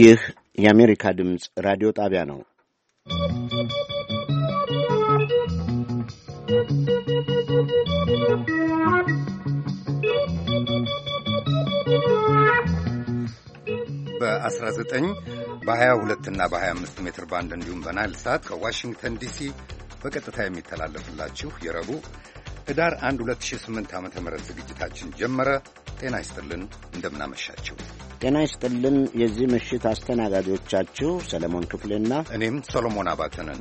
ይህ የአሜሪካ ድምፅ ራዲዮ ጣቢያ ነው። በ19 በ22 እና በ25 ሜትር ባንድ እንዲሁም በናይል ሳት ከዋሽንግተን ዲሲ በቀጥታ የሚተላለፍላችሁ የረቡዕ ህዳር 1 2008 ዓ ም ዝግጅታችን ጀመረ። ጤና ይስጥልን፣ እንደምናመሻችው ጤና ይስጥልን። የዚህ ምሽት አስተናጋጆቻችሁ ሰለሞን ክፍሌና እኔም ሰሎሞን አባተንን።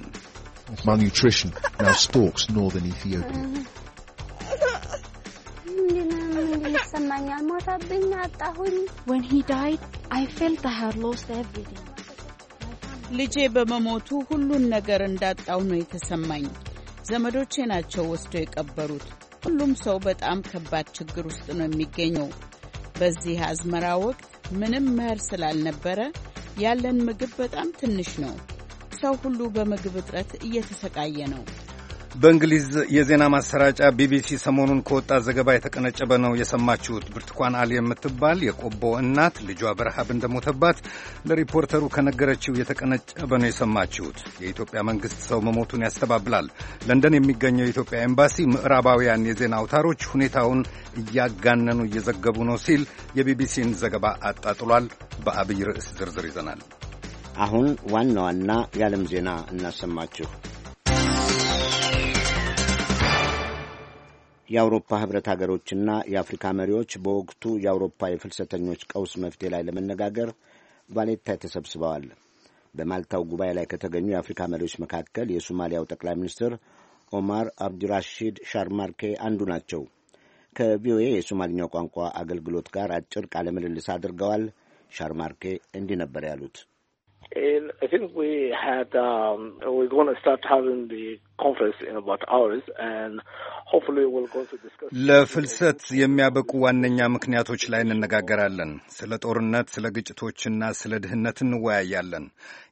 When he died, I felt I had lost everything. ልጄ በመሞቱ ሁሉን ነገር እንዳጣው ነው የተሰማኝ። ዘመዶቼ ናቸው ወስደው የቀበሩት። ሁሉም ሰው በጣም ከባድ ችግር ውስጥ ነው የሚገኘው። በዚህ አዝመራ ወቅት ምንም መኸር ስላልነበረ ያለን ምግብ በጣም ትንሽ ነው። ሰው ሁሉ በምግብ እጥረት እየተሰቃየ ነው። በእንግሊዝ የዜና ማሰራጫ ቢቢሲ ሰሞኑን ከወጣ ዘገባ የተቀነጨበ ነው የሰማችሁት። ብርቱካን አሊ የምትባል የቆቦ እናት ልጇ በረሃብ እንደሞተባት ለሪፖርተሩ ከነገረችው የተቀነጨበ ነው የሰማችሁት። የኢትዮጵያ መንግሥት ሰው መሞቱን ያስተባብላል። ለንደን የሚገኘው የኢትዮጵያ ኤምባሲ ምዕራባውያን የዜና አውታሮች ሁኔታውን እያጋነኑ እየዘገቡ ነው ሲል የቢቢሲን ዘገባ አጣጥሏል። በአብይ ርዕስ ዝርዝር ይዘናል። አሁን ዋና ዋና የዓለም ዜና እናሰማችሁ። የአውሮፓ ህብረት ሀገሮችና የአፍሪካ መሪዎች በወቅቱ የአውሮፓ የፍልሰተኞች ቀውስ መፍትሄ ላይ ለመነጋገር ቫሌታ ተሰብስበዋል። በማልታው ጉባኤ ላይ ከተገኙ የአፍሪካ መሪዎች መካከል የሶማሊያው ጠቅላይ ሚኒስትር ኦማር አብዱራሺድ ሻርማርኬ አንዱ ናቸው። ከቪኦኤ የሶማሊኛው ቋንቋ አገልግሎት ጋር አጭር ቃለ ምልልስ አድርገዋል። ሻርማርኬ እንዲህ ነበር ያሉት። And I think we had um, we're going to start having the conference in about hours, and hopefully we'll go to discuss. ለፍልሰት የሚያበቁ ዋነኛ ምክንያቶች ላይ እንነጋገራለን። ስለ ጦርነት፣ ስለ ግጭቶችና ስለ ድህነት እንወያያለን።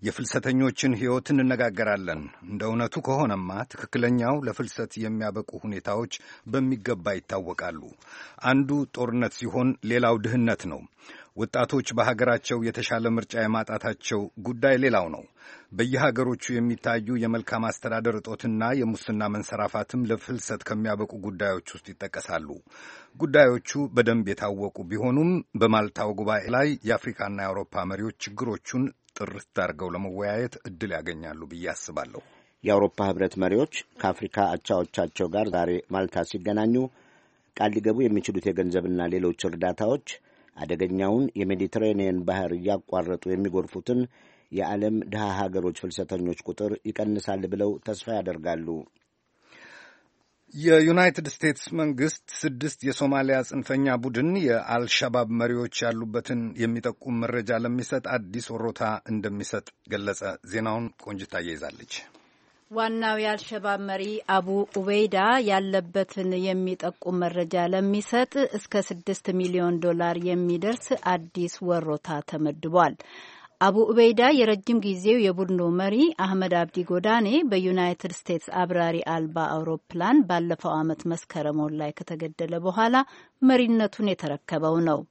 የፍልሰተኞችን ሕይወት እንነጋገራለን። እንደ እውነቱ ከሆነማ ትክክለኛው ለፍልሰት የሚያበቁ ሁኔታዎች በሚገባ ይታወቃሉ። አንዱ ጦርነት ሲሆን፣ ሌላው ድህነት ነው። ወጣቶች በሀገራቸው የተሻለ ምርጫ የማጣታቸው ጉዳይ ሌላው ነው። በየሀገሮቹ የሚታዩ የመልካም አስተዳደር እጦትና የሙስና መንሰራፋትም ለፍልሰት ከሚያበቁ ጉዳዮች ውስጥ ይጠቀሳሉ። ጉዳዮቹ በደንብ የታወቁ ቢሆኑም በማልታው ጉባኤ ላይ የአፍሪካና የአውሮፓ መሪዎች ችግሮቹን ጥርት አድርገው ለመወያየት እድል ያገኛሉ ብዬ አስባለሁ። የአውሮፓ ህብረት መሪዎች ከአፍሪካ አቻዎቻቸው ጋር ዛሬ ማልታ ሲገናኙ ቃል ሊገቡ የሚችሉት የገንዘብና ሌሎች እርዳታዎች አደገኛውን የሜዲትሬኒየን ባህር እያቋረጡ የሚጎርፉትን የዓለም ድሃ ሀገሮች ፍልሰተኞች ቁጥር ይቀንሳል ብለው ተስፋ ያደርጋሉ። የዩናይትድ ስቴትስ መንግስት ስድስት የሶማሊያ ጽንፈኛ ቡድን የአልሸባብ መሪዎች ያሉበትን የሚጠቁም መረጃ ለሚሰጥ አዲስ ወሮታ እንደሚሰጥ ገለጸ። ዜናውን ቆንጅታ ይዛለች። ዋናው የአልሸባብ መሪ አቡ ኡበይዳ ያለበትን የሚጠቁም መረጃ ለሚሰጥ እስከ ስድስት ሚሊዮን ዶላር የሚደርስ አዲስ ወሮታ ተመድቧል። አቡ ኡበይዳ የረጅም ጊዜው የቡድኑ መሪ አህመድ አብዲ ጎዳኔ በዩናይትድ ስቴትስ አብራሪ አልባ አውሮፕላን ባለፈው ዓመት መስከረም ላይ ከተገደለ በኋላ መሪነቱን የተረከበው ነው።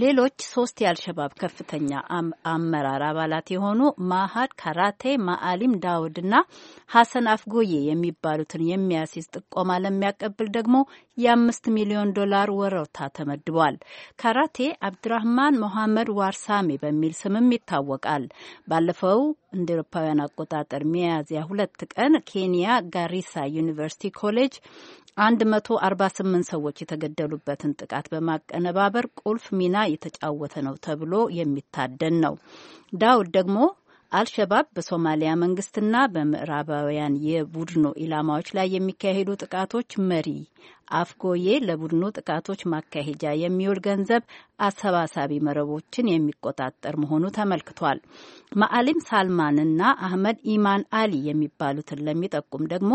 ሌሎች ሶስት የአልሸባብ ከፍተኛ አመራር አባላት የሆኑ ማሀድ ካራቴ፣ ማአሊም ዳውድና ሀሰን አፍጎዬ የሚባሉትን የሚያስይዝ ጥቆማ ለሚያቀብል ደግሞ የአምስት ሚሊዮን ዶላር ወረታ ተመድቧል። ካራቴ አብድራህማን ሞሐመድ ዋርሳሜ በሚል ስምም ይታወቃል። ባለፈው እንደ ኤሮፓውያን አቆጣጠር ሚያዝያ ሁለት ቀን ኬንያ ጋሪሳ ዩኒቨርሲቲ ኮሌጅ 148 ሰዎች የተገደሉበትን ጥቃት በማቀነባበር ቁልፍ ሚና የተጫወተ ነው ተብሎ የሚታደን ነው። ዳውድ ደግሞ አልሸባብ በሶማሊያ መንግስትና በምዕራባውያን የቡድኑ ኢላማዎች ላይ የሚካሄዱ ጥቃቶች መሪ አፍጎዬ ለቡድኑ ጥቃቶች ማካሄጃ የሚውል ገንዘብ አሰባሳቢ መረቦችን የሚቆጣጠር መሆኑ ተመልክቷል። ማአሊም ሳልማንና አህመድ ኢማን አሊ የሚባሉትን ለሚጠቁም ደግሞ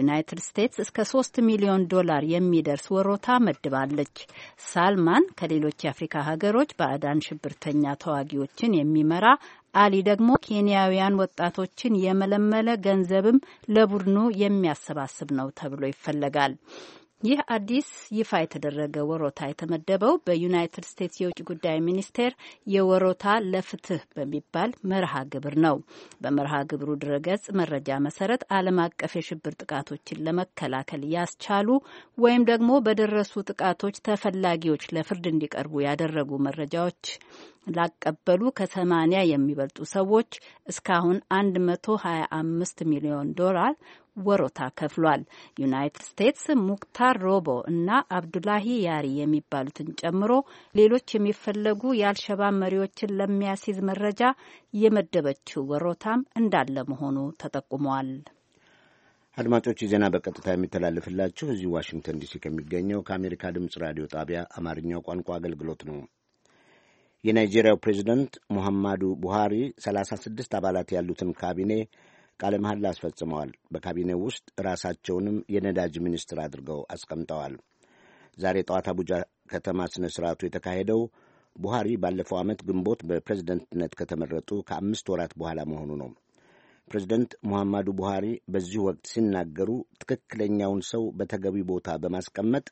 ዩናይትድ ስቴትስ እስከ ሶስት ሚሊዮን ዶላር የሚደርስ ወሮታ መድባለች። ሳልማን ከሌሎች የአፍሪካ ሀገሮች ባዕዳን ሽብርተኛ ተዋጊዎችን የሚመራ አሊ ደግሞ ኬንያውያን ወጣቶችን የመለመለ ገንዘብም ለቡድኑ የሚያሰባስብ ነው ተብሎ ይፈለጋል። ይህ አዲስ ይፋ የተደረገ ወሮታ የተመደበው በዩናይትድ ስቴትስ የውጭ ጉዳይ ሚኒስቴር የወሮታ ለፍትህ በሚባል መርሃ ግብር ነው። በመርሃ ግብሩ ድረገጽ መረጃ መሰረት ዓለም አቀፍ የሽብር ጥቃቶችን ለመከላከል ያስቻሉ ወይም ደግሞ በደረሱ ጥቃቶች ተፈላጊዎች ለፍርድ እንዲቀርቡ ያደረጉ መረጃዎች ላቀበሉ ከሰማኒያ የሚበልጡ ሰዎች እስካሁን አምስት ሚሊዮን ዶላር ወሮታ ከፍሏል። ዩናይትድ ስቴትስ ሙክታር ሮቦ እና አብዱላሂ ያሪ የሚባሉትን ጨምሮ ሌሎች የሚፈለጉ የአልሸባብ መሪዎችን ለሚያስይዝ መረጃ የመደበችው ወሮታም እንዳለ መሆኑ ተጠቁመዋል። አድማጮች ዜና በቀጥታ የሚተላለፍላችሁ እዚህ ዋሽንግተን ዲሲ ከሚገኘው ከአሜሪካ ድምፅ ራዲዮ ጣቢያ አማርኛው ቋንቋ አገልግሎት ነው። የናይጄሪያው ፕሬዚደንት ሙሐማዱ ቡሃሪ 36 አባላት ያሉትን ካቢኔ ቃለ መሐላ አስፈጽመዋል። በካቢኔው ውስጥ ራሳቸውንም የነዳጅ ሚኒስትር አድርገው አስቀምጠዋል። ዛሬ ጠዋት አቡጃ ከተማ ሥነ ሥርዓቱ የተካሄደው ቡሃሪ ባለፈው ዓመት ግንቦት በፕሬዝደንትነት ከተመረጡ ከአምስት ወራት በኋላ መሆኑ ነው። ፕሬዝደንት ሙሐማዱ ቡሃሪ በዚህ ወቅት ሲናገሩ ትክክለኛውን ሰው በተገቢ ቦታ በማስቀመጥ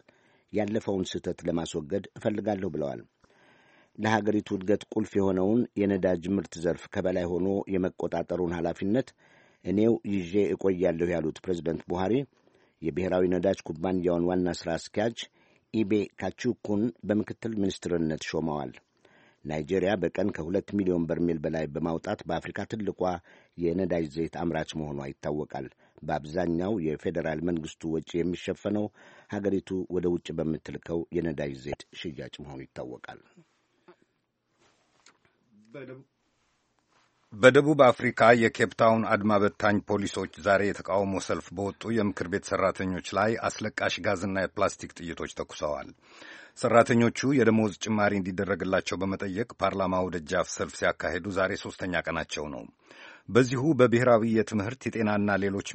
ያለፈውን ስህተት ለማስወገድ እፈልጋለሁ ብለዋል። ለሀገሪቱ እድገት ቁልፍ የሆነውን የነዳጅ ምርት ዘርፍ ከበላይ ሆኖ የመቆጣጠሩን ኃላፊነት እኔው ይዤ እቆያለሁ ያሉት ፕሬዚደንት ቡሃሪ የብሔራዊ ነዳጅ ኩባንያውን ዋና ሥራ አስኪያጅ ኢቤ ካቹኩን በምክትል ሚኒስትርነት ሾመዋል። ናይጄሪያ በቀን ከሁለት ሚሊዮን በርሜል በላይ በማውጣት በአፍሪካ ትልቋ የነዳጅ ዘይት አምራች መሆኗ ይታወቃል። በአብዛኛው የፌዴራል መንግስቱ ወጪ የሚሸፈነው ሀገሪቱ ወደ ውጭ በምትልከው የነዳጅ ዘይት ሽያጭ መሆኑ ይታወቃል። በደቡብ አፍሪካ የኬፕታውን አድማ በታኝ ፖሊሶች ዛሬ የተቃውሞ ሰልፍ በወጡ የምክር ቤት ሰራተኞች ላይ አስለቃሽ ጋዝና የፕላስቲክ ጥይቶች ተኩሰዋል። ሠራተኞቹ የደሞዝ ጭማሪ እንዲደረግላቸው በመጠየቅ ፓርላማው ደጃፍ ሰልፍ ሲያካሂዱ ዛሬ ሦስተኛ ቀናቸው ነው። በዚሁ በብሔራዊ የትምህርት የጤናና ሌሎች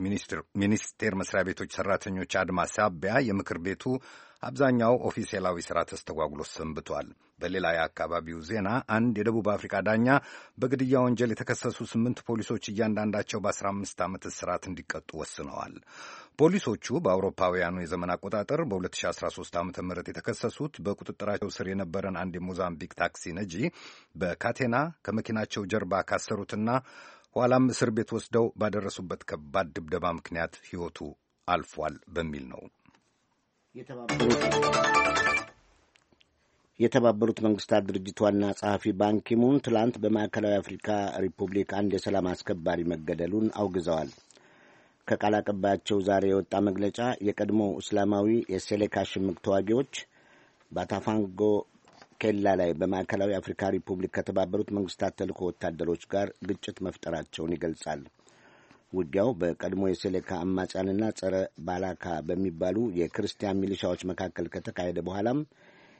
ሚኒስቴር መስሪያ ቤቶች ሰራተኞች አድማ ሳቢያ የምክር ቤቱ አብዛኛው ኦፊሴላዊ ስራ ተስተጓጉሎ ሰንብቷል። በሌላ የአካባቢው ዜና አንድ የደቡብ አፍሪካ ዳኛ በግድያ ወንጀል የተከሰሱ ስምንት ፖሊሶች እያንዳንዳቸው በ15 ዓመት እስራት እንዲቀጡ ወስነዋል። ፖሊሶቹ በአውሮፓውያኑ የዘመን አቆጣጠር በ2013 ዓ ም የተከሰሱት በቁጥጥራቸው ስር የነበረን አንድ የሞዛምቢክ ታክሲ ነጂ በካቴና ከመኪናቸው ጀርባ ካሰሩትና ኋላም እስር ቤት ወስደው ባደረሱበት ከባድ ድብደባ ምክንያት ሕይወቱ አልፏል በሚል ነው። የተባበሩት መንግስታት ድርጅት ዋና ጸሐፊ ባንኪሙን ትላንት በማዕከላዊ አፍሪካ ሪፑብሊክ አንድ የሰላም አስከባሪ መገደሉን አውግዘዋል። ከቃል አቀባያቸው ዛሬ የወጣ መግለጫ የቀድሞ እስላማዊ የሴሌካ ሽምቅ ተዋጊዎች በአታፋንጎ ኬላ ላይ በማዕከላዊ አፍሪካ ሪፑብሊክ ከተባበሩት መንግስታት ተልእኮ ወታደሮች ጋር ግጭት መፍጠራቸውን ይገልጻል። ውጊያው በቀድሞ የሴሌካ አማጺያንና ጸረ ባላካ በሚባሉ የክርስቲያን ሚሊሻዎች መካከል ከተካሄደ በኋላም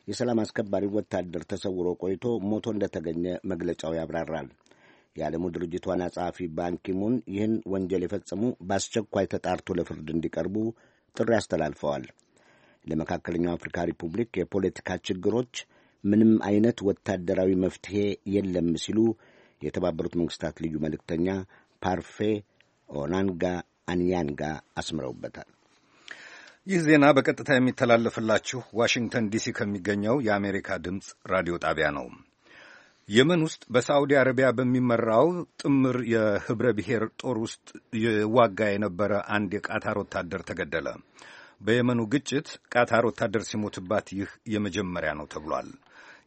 የሰላም አስከባሪ ወታደር ተሰውሮ ቆይቶ ሞቶ እንደተገኘ መግለጫው ያብራራል። የዓለሙ ድርጅት ዋና ጸሐፊ ባንኪሙን ይህን ወንጀል የፈጸሙ በአስቸኳይ ተጣርቶ ለፍርድ እንዲቀርቡ ጥሪ አስተላልፈዋል። ለመካከለኛው አፍሪካ ሪፑብሊክ የፖለቲካ ችግሮች ምንም አይነት ወታደራዊ መፍትሄ የለም ሲሉ የተባበሩት መንግስታት ልዩ መልእክተኛ ፓርፌ ኦናንጋ አንያንጋ አስምረውበታል። ይህ ዜና በቀጥታ የሚተላለፍላችሁ ዋሽንግተን ዲሲ ከሚገኘው የአሜሪካ ድምፅ ራዲዮ ጣቢያ ነው። የመን ውስጥ በሳዑዲ አረቢያ በሚመራው ጥምር የህብረ ብሔር ጦር ውስጥ ይዋጋ የነበረ አንድ የቃታር ወታደር ተገደለ። በየመኑ ግጭት ቃታር ወታደር ሲሞትባት ይህ የመጀመሪያ ነው ተብሏል።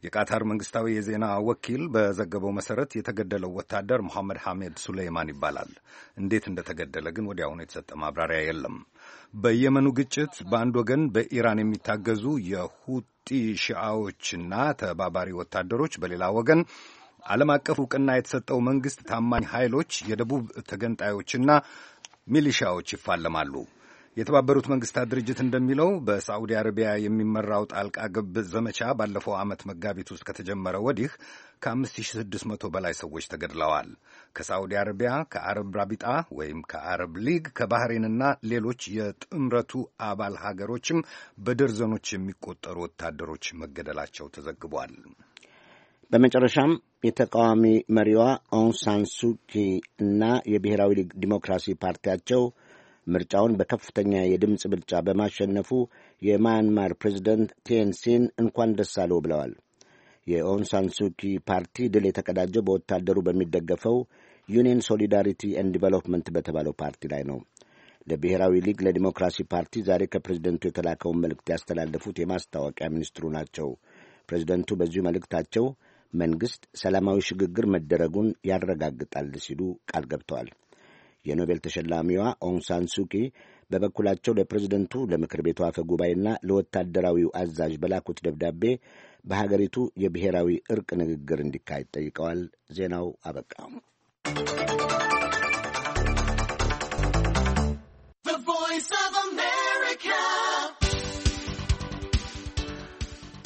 የቃታር መንግስታዊ የዜና ወኪል በዘገበው መሰረት የተገደለው ወታደር መሐመድ ሐሜድ ሱሌይማን ይባላል። እንዴት እንደተገደለ ግን ወዲያውኑ የተሰጠ ማብራሪያ የለም። በየመኑ ግጭት በአንድ ወገን በኢራን የሚታገዙ የሁጢ ሺዓዎችና ተባባሪ ወታደሮች፣ በሌላ ወገን ዓለም አቀፍ እውቅና የተሰጠው መንግስት ታማኝ ኃይሎች የደቡብ ተገንጣዮችና ሚሊሻዎች ይፋለማሉ። የተባበሩት መንግስታት ድርጅት እንደሚለው በሳዑዲ አረቢያ የሚመራው ጣልቃ ገብ ዘመቻ ባለፈው ዓመት መጋቢት ውስጥ ከተጀመረ ወዲህ ከ5600 በላይ ሰዎች ተገድለዋል። ከሳዑዲ አረቢያ፣ ከአረብ ራቢጣ ወይም ከአረብ ሊግ፣ ከባህሬንና ሌሎች የጥምረቱ አባል ሀገሮችም በደርዘኖች የሚቆጠሩ ወታደሮች መገደላቸው ተዘግቧል። በመጨረሻም የተቃዋሚ መሪዋ ኦንሳንሱኪ እና የብሔራዊ ዲሞክራሲ ፓርቲያቸው ምርጫውን በከፍተኛ የድምፅ ብልጫ በማሸነፉ የማያንማር ፕሬዚደንት ቴንሲን እንኳን ደስ አለው ብለዋል። የኦንሳንሱኪ ፓርቲ ድል የተቀዳጀው በወታደሩ በሚደገፈው ዩኒየን ሶሊዳሪቲ ኤንድ ዲቨሎፕመንት በተባለው ፓርቲ ላይ ነው። ለብሔራዊ ሊግ ለዲሞክራሲ ፓርቲ ዛሬ ከፕሬዚደንቱ የተላከውን መልእክት ያስተላለፉት የማስታወቂያ ሚኒስትሩ ናቸው። ፕሬዚደንቱ በዚሁ መልእክታቸው መንግሥት ሰላማዊ ሽግግር መደረጉን ያረጋግጣል ሲሉ ቃል ገብተዋል። የኖቤል ተሸላሚዋ ኦንሳን ሱኪ በበኩላቸው ለፕሬዝደንቱ ለምክር ቤቱ አፈ ጉባኤና ለወታደራዊው አዛዥ በላኩት ደብዳቤ በሀገሪቱ የብሔራዊ እርቅ ንግግር እንዲካሄድ ጠይቀዋል። ዜናው አበቃ።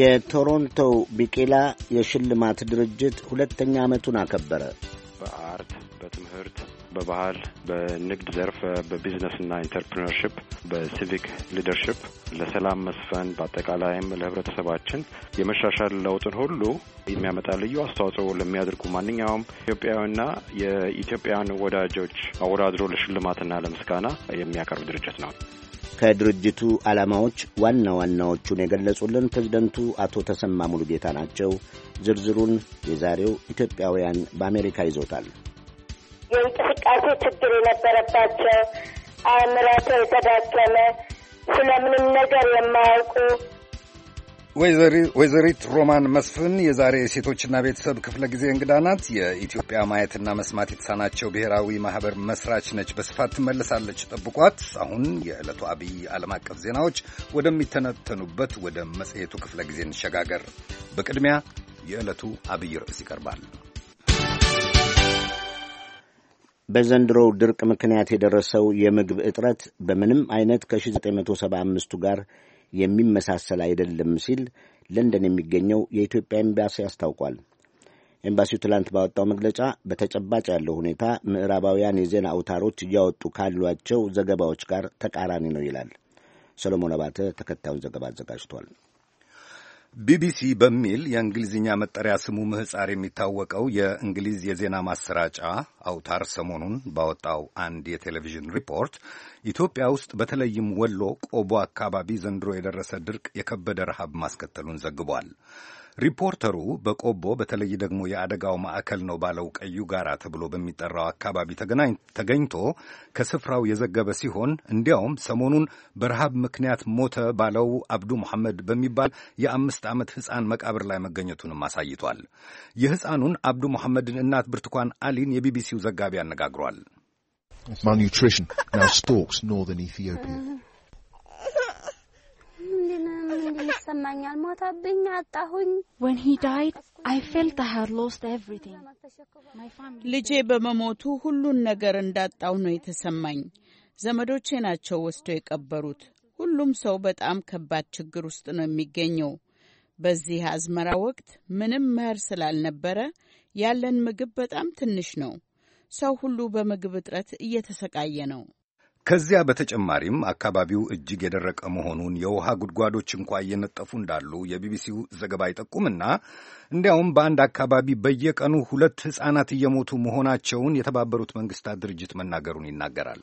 የቶሮንቶው ቢቂላ የሽልማት ድርጅት ሁለተኛ ዓመቱን አከበረ። በአርት፣ በትምህርት፣ በባህል፣ በንግድ ዘርፍ፣ በቢዝነስና ኢንተርፕሪነርሽፕ፣ በሲቪክ ሊደርሽፕ፣ ለሰላም መስፈን በአጠቃላይም ለህብረተሰባችን የመሻሻል ለውጥን ሁሉ የሚያመጣ ልዩ አስተዋጽኦ ለሚያደርጉ ማንኛውም ኢትዮጵያውያንና የኢትዮጵያን ወዳጆች አወዳድሮ ለሽልማትና ለምስጋና የሚያቀርብ ድርጅት ነው። ከድርጅቱ ዓላማዎች ዋና ዋናዎቹን የገለጹልን ፕሬዝደንቱ አቶ ተሰማ ሙሉጌታ ናቸው። ዝርዝሩን የዛሬው ኢትዮጵያውያን በአሜሪካ ይዞታል። የእንቅስቃሴ ችግር የነበረባቸው አእምሯቸው የተዳከመ ስለምንም ነገር የማያውቁ ወይዘሪት ሮማን መስፍን የዛሬ የሴቶችና ቤተሰብ ክፍለ ጊዜ እንግዳ ናት። የኢትዮጵያ ማየትና መስማት የተሳናቸው ብሔራዊ ማህበር መስራች ነች። በስፋት ትመለሳለች። ጠብቋት። አሁን የዕለቱ አብይ ዓለም አቀፍ ዜናዎች ወደሚተነተኑበት ወደ መጽሔቱ ክፍለ ጊዜ እንሸጋገር። በቅድሚያ የዕለቱ አብይ ርዕስ ይቀርባል። በዘንድሮው ድርቅ ምክንያት የደረሰው የምግብ እጥረት በምንም አይነት ከ1975ቱ ጋር የሚመሳሰል አይደለም ሲል ለንደን የሚገኘው የኢትዮጵያ ኤምባሲ አስታውቋል። ኤምባሲው ትላንት ባወጣው መግለጫ በተጨባጭ ያለው ሁኔታ ምዕራባውያን የዜና አውታሮች እያወጡ ካሏቸው ዘገባዎች ጋር ተቃራኒ ነው ይላል። ሰሎሞን አባተ ተከታዩን ዘገባ አዘጋጅቷል። ቢቢሲ በሚል የእንግሊዝኛ መጠሪያ ስሙ ምህጻር የሚታወቀው የእንግሊዝ የዜና ማሰራጫ አውታር ሰሞኑን ባወጣው አንድ የቴሌቪዥን ሪፖርት ኢትዮጵያ ውስጥ በተለይም ወሎ ቆቦ አካባቢ ዘንድሮ የደረሰ ድርቅ የከበደ ረሃብ ማስከተሉን ዘግቧል። ሪፖርተሩ በቆቦ በተለይ ደግሞ የአደጋው ማዕከል ነው ባለው ቀዩ ጋራ ተብሎ በሚጠራው አካባቢ ተገኝቶ ከስፍራው የዘገበ ሲሆን እንዲያውም ሰሞኑን በረሃብ ምክንያት ሞተ ባለው አብዱ መሐመድ በሚባል የአምስት ዓመት ሕፃን መቃብር ላይ መገኘቱንም አሳይቷል። የሕፃኑን አብዱ መሐመድን እናት ብርቱካን አሊን የቢቢሲው ዘጋቢ አነጋግሯል። Malnutrition now stalks northern Ethiopia. ይሰማኛል። ሞተብኝ፣ አጣሁኝ። When he died, I felt I had lost everything. ልጄ በመሞቱ ሁሉን ነገር እንዳጣው ነው የተሰማኝ። ዘመዶቼ ናቸው ወስደው የቀበሩት። ሁሉም ሰው በጣም ከባድ ችግር ውስጥ ነው የሚገኘው። በዚህ አዝመራ ወቅት ምንም ምህር ስላልነበረ ያለን ምግብ በጣም ትንሽ ነው። ሰው ሁሉ በምግብ እጥረት እየተሰቃየ ነው። ከዚያ በተጨማሪም አካባቢው እጅግ የደረቀ መሆኑን የውሃ ጉድጓዶች እንኳ እየነጠፉ እንዳሉ የቢቢሲው ዘገባ ይጠቁምና እንዲያውም በአንድ አካባቢ በየቀኑ ሁለት ሕፃናት እየሞቱ መሆናቸውን የተባበሩት መንግስታት ድርጅት መናገሩን ይናገራል።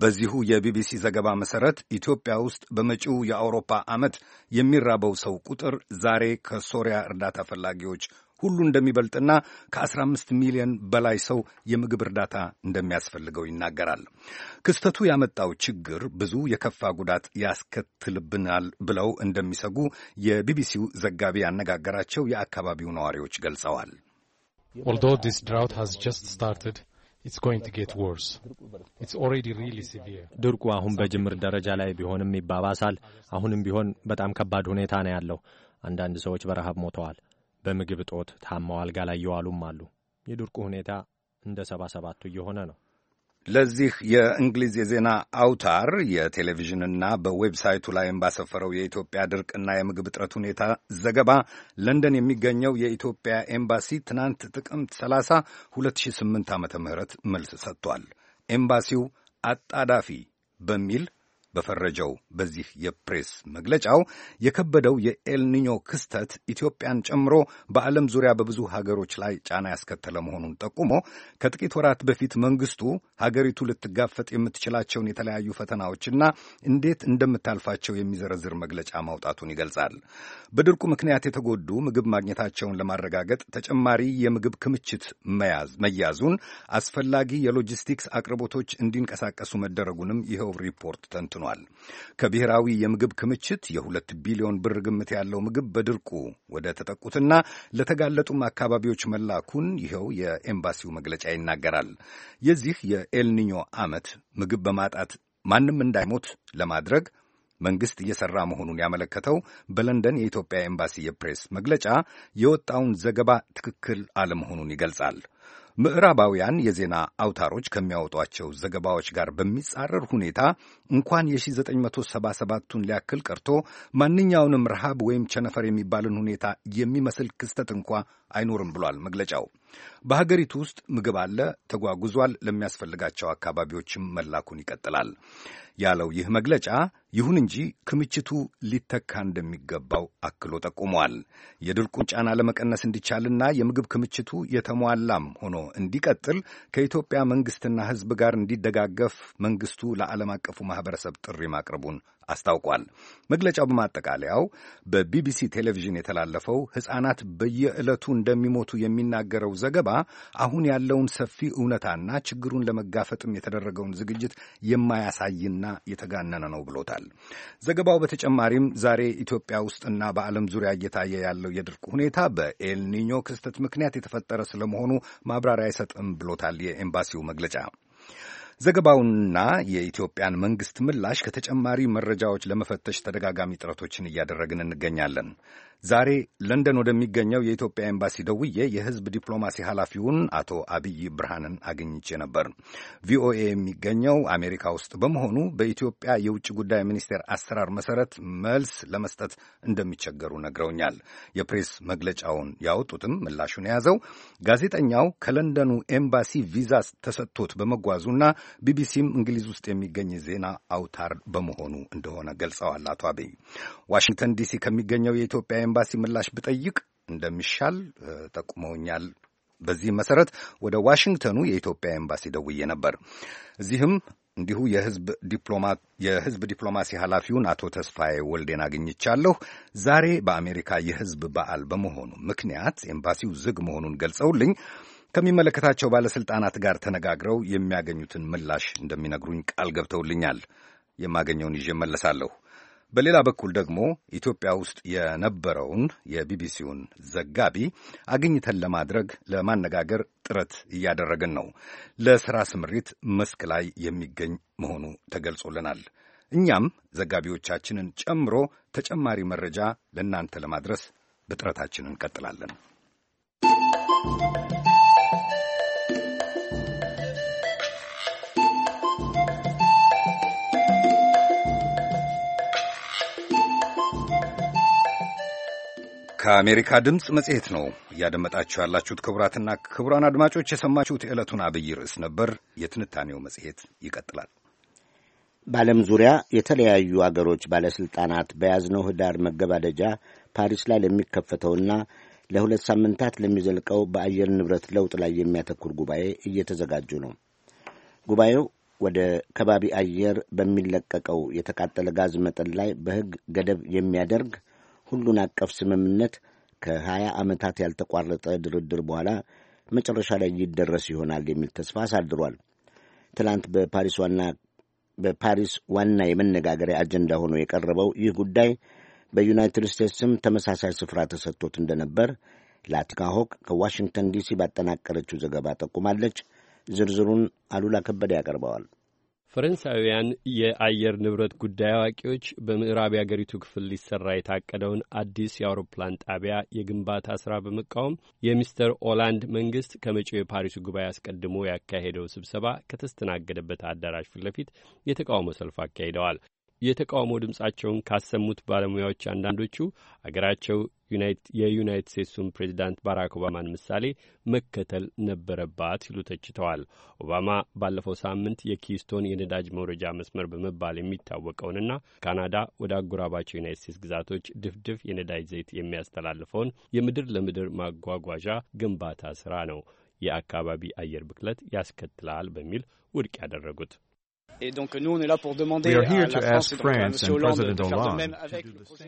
በዚሁ የቢቢሲ ዘገባ መሠረት ኢትዮጵያ ውስጥ በመጪው የአውሮፓ ዓመት የሚራበው ሰው ቁጥር ዛሬ ከሶሪያ እርዳታ ፈላጊዎች ሁሉ እንደሚበልጥና ከ15 ሚሊዮን በላይ ሰው የምግብ እርዳታ እንደሚያስፈልገው ይናገራል። ክስተቱ ያመጣው ችግር ብዙ የከፋ ጉዳት ያስከትልብናል ብለው እንደሚሰጉ የቢቢሲው ዘጋቢ ያነጋገራቸው የአካባቢው ነዋሪዎች ገልጸዋል። ድርቁ አሁን በጅምር ደረጃ ላይ ቢሆንም ይባባሳል። አሁንም ቢሆን በጣም ከባድ ሁኔታ ነው ያለው። አንዳንድ ሰዎች በረሃብ ሞተዋል። በምግብ እጦት ታመው አልጋ ላይ የዋሉም አሉ። የድርቁ ሁኔታ እንደ ሰባ ሰባቱ እየሆነ ነው። ለዚህ የእንግሊዝ የዜና አውታር የቴሌቪዥንና በዌብሳይቱ ላይም ባሰፈረው የኢትዮጵያ ድርቅና የምግብ እጥረት ሁኔታ ዘገባ ለንደን የሚገኘው የኢትዮጵያ ኤምባሲ ትናንት ጥቅምት 30 2008 ዓ ም መልስ ሰጥቷል። ኤምባሲው አጣዳፊ በሚል በፈረጀው በዚህ የፕሬስ መግለጫው የከበደው የኤልኒኞ ክስተት ኢትዮጵያን ጨምሮ በዓለም ዙሪያ በብዙ ሀገሮች ላይ ጫና ያስከተለ መሆኑን ጠቁሞ ከጥቂት ወራት በፊት መንግስቱ ሀገሪቱ ልትጋፈጥ የምትችላቸውን የተለያዩ ፈተናዎችና እንዴት እንደምታልፋቸው የሚዘረዝር መግለጫ ማውጣቱን ይገልጻል። በድርቁ ምክንያት የተጎዱ ምግብ ማግኘታቸውን ለማረጋገጥ ተጨማሪ የምግብ ክምችት መያዝ መያዙን አስፈላጊ የሎጂስቲክስ አቅርቦቶች እንዲንቀሳቀሱ መደረጉንም ይኸው ሪፖርት ተንትኗል። ሆኗል። ከብሔራዊ የምግብ ክምችት የሁለት ቢሊዮን ብር ግምት ያለው ምግብ በድርቁ ወደ ተጠቁትና ለተጋለጡም አካባቢዎች መላኩን ይኸው የኤምባሲው መግለጫ ይናገራል። የዚህ የኤልኒኞ ዓመት ምግብ በማጣት ማንም እንዳይሞት ለማድረግ መንግሥት እየሠራ መሆኑን ያመለከተው በለንደን የኢትዮጵያ ኤምባሲ የፕሬስ መግለጫ የወጣውን ዘገባ ትክክል አለመሆኑን ይገልጻል። ምዕራባውያን የዜና አውታሮች ከሚያወጧቸው ዘገባዎች ጋር በሚጻረር ሁኔታ እንኳን የ1977ቱን ሊያክል ቀርቶ ማንኛውንም ረሃብ ወይም ቸነፈር የሚባልን ሁኔታ የሚመስል ክስተት እንኳ አይኖርም ብሏል መግለጫው። በሀገሪቱ ውስጥ ምግብ አለ፣ ተጓጉዟል፣ ለሚያስፈልጋቸው አካባቢዎችም መላኩን ይቀጥላል ያለው ይህ መግለጫ፣ ይሁን እንጂ ክምችቱ ሊተካ እንደሚገባው አክሎ ጠቁሟል። የድርቁን ጫና ለመቀነስ እንዲቻልና የምግብ ክምችቱ የተሟላም ሆኖ እንዲቀጥል ከኢትዮጵያ መንግሥትና ሕዝብ ጋር እንዲደጋገፍ መንግሥቱ ለዓለም አቀፉ ማኅበረሰብ ጥሪ ማቅረቡን አስታውቋል። መግለጫው በማጠቃለያው በቢቢሲ ቴሌቪዥን የተላለፈው ሕፃናት በየዕለቱ እንደሚሞቱ የሚናገረው ዘገባ አሁን ያለውን ሰፊ እውነታና ችግሩን ለመጋፈጥም የተደረገውን ዝግጅት የማያሳይና የተጋነነ ነው ብሎታል። ዘገባው በተጨማሪም ዛሬ ኢትዮጵያ ውስጥና በዓለም ዙሪያ እየታየ ያለው የድርቅ ሁኔታ በኤልኒኞ ክስተት ምክንያት የተፈጠረ ስለመሆኑ ማብራሪያ አይሰጥም ብሎታል የኤምባሲው መግለጫ። ዘገባውንና የኢትዮጵያን መንግሥት ምላሽ ከተጨማሪ መረጃዎች ለመፈተሽ ተደጋጋሚ ጥረቶችን እያደረግን እንገኛለን። ዛሬ ለንደን ወደሚገኘው የኢትዮጵያ ኤምባሲ ደውዬ የሕዝብ ዲፕሎማሲ ኃላፊውን አቶ አብይ ብርሃንን አግኝቼ ነበር። ቪኦኤ የሚገኘው አሜሪካ ውስጥ በመሆኑ በኢትዮጵያ የውጭ ጉዳይ ሚኒስቴር አሰራር መሰረት መልስ ለመስጠት እንደሚቸገሩ ነግረውኛል። የፕሬስ መግለጫውን ያወጡትም ምላሹን የያዘው ጋዜጠኛው ከለንደኑ ኤምባሲ ቪዛ ተሰጥቶት በመጓዙና ቢቢሲም እንግሊዝ ውስጥ የሚገኝ ዜና አውታር በመሆኑ እንደሆነ ገልጸዋል። አቶ አብይ ዋሽንግተን ዲሲ ከሚገኘው የኢትዮጵያ ኤምባሲ ምላሽ ብጠይቅ እንደሚሻል ጠቁመውኛል። በዚህ መሰረት ወደ ዋሽንግተኑ የኢትዮጵያ ኤምባሲ ደውዬ ነበር። እዚህም እንዲሁ የህዝብ ዲፕሎማሲ ኃላፊውን አቶ ተስፋዬ ወልዴን አግኝቻለሁ። ዛሬ በአሜሪካ የህዝብ በዓል በመሆኑ ምክንያት ኤምባሲው ዝግ መሆኑን ገልጸውልኝ ከሚመለከታቸው ባለሥልጣናት ጋር ተነጋግረው የሚያገኙትን ምላሽ እንደሚነግሩኝ ቃል ገብተውልኛል። የማገኘውን ይዤ መለሳለሁ። በሌላ በኩል ደግሞ ኢትዮጵያ ውስጥ የነበረውን የቢቢሲውን ዘጋቢ አግኝተን ለማድረግ ለማነጋገር ጥረት እያደረግን ነው። ለሥራ ስምሪት መስክ ላይ የሚገኝ መሆኑ ተገልጾልናል። እኛም ዘጋቢዎቻችንን ጨምሮ ተጨማሪ መረጃ ለእናንተ ለማድረስ በጥረታችን እንቀጥላለን። ከአሜሪካ ድምፅ መጽሔት ነው እያደመጣችሁ ያላችሁት። ክቡራትና ክቡራን አድማጮች የሰማችሁት የዕለቱን አብይ ርዕስ ነበር። የትንታኔው መጽሔት ይቀጥላል። በዓለም ዙሪያ የተለያዩ አገሮች ባለሥልጣናት በያዝነው ህዳር መገባደጃ ፓሪስ ላይ ለሚከፈተውና ለሁለት ሳምንታት ለሚዘልቀው በአየር ንብረት ለውጥ ላይ የሚያተኩር ጉባኤ እየተዘጋጁ ነው። ጉባኤው ወደ ከባቢ አየር በሚለቀቀው የተቃጠለ ጋዝ መጠን ላይ በሕግ ገደብ የሚያደርግ ሁሉን አቀፍ ስምምነት ከ20 ዓመታት ያልተቋረጠ ድርድር በኋላ መጨረሻ ላይ ይደረስ ይሆናል የሚል ተስፋ አሳድሯል። ትናንት በፓሪስ ዋና በፓሪስ ዋና የመነጋገሪያ አጀንዳ ሆኖ የቀረበው ይህ ጉዳይ በዩናይትድ ስቴትስም ተመሳሳይ ስፍራ ተሰጥቶት እንደነበር ላቲካ ሆክ ከዋሽንግተን ዲሲ ባጠናቀረችው ዘገባ ጠቁማለች። ዝርዝሩን አሉላ ከበደ ያቀርበዋል። ፈረንሳውያን የአየር ንብረት ጉዳይ አዋቂዎች በምዕራብ የአገሪቱ ክፍል ሊሰራ የታቀደውን አዲስ የአውሮፕላን ጣቢያ የግንባታ ስራ በመቃወም የሚስተር ኦላንድ መንግስት ከመጪው የፓሪሱ ጉባኤ አስቀድሞ ያካሄደው ስብሰባ ከተስተናገደበት አዳራሽ ፊት ለፊት የተቃውሞ ሰልፍ አካሂደዋል። የተቃውሞ ድምጻቸውን ካሰሙት ባለሙያዎች አንዳንዶቹ አገራቸው የዩናይትድ ስቴትሱን ፕሬዚዳንት ባራክ ኦባማን ምሳሌ መከተል ነበረባት ሲሉ ተችተዋል። ኦባማ ባለፈው ሳምንት የኪስቶን የነዳጅ መውረጃ መስመር በመባል የሚታወቀውንና ካናዳ ወደ አጎራባቸው ዩናይትድ ስቴትስ ግዛቶች ድፍድፍ የነዳጅ ዘይት የሚያስተላልፈውን የምድር ለምድር ማጓጓዣ ግንባታ ስራ ነው የአካባቢ አየር ብክለት ያስከትላል በሚል ውድቅ ያደረጉት። Et donc nous, on est là pour demander à la France donc à M. Hollande de faire de même avec le projet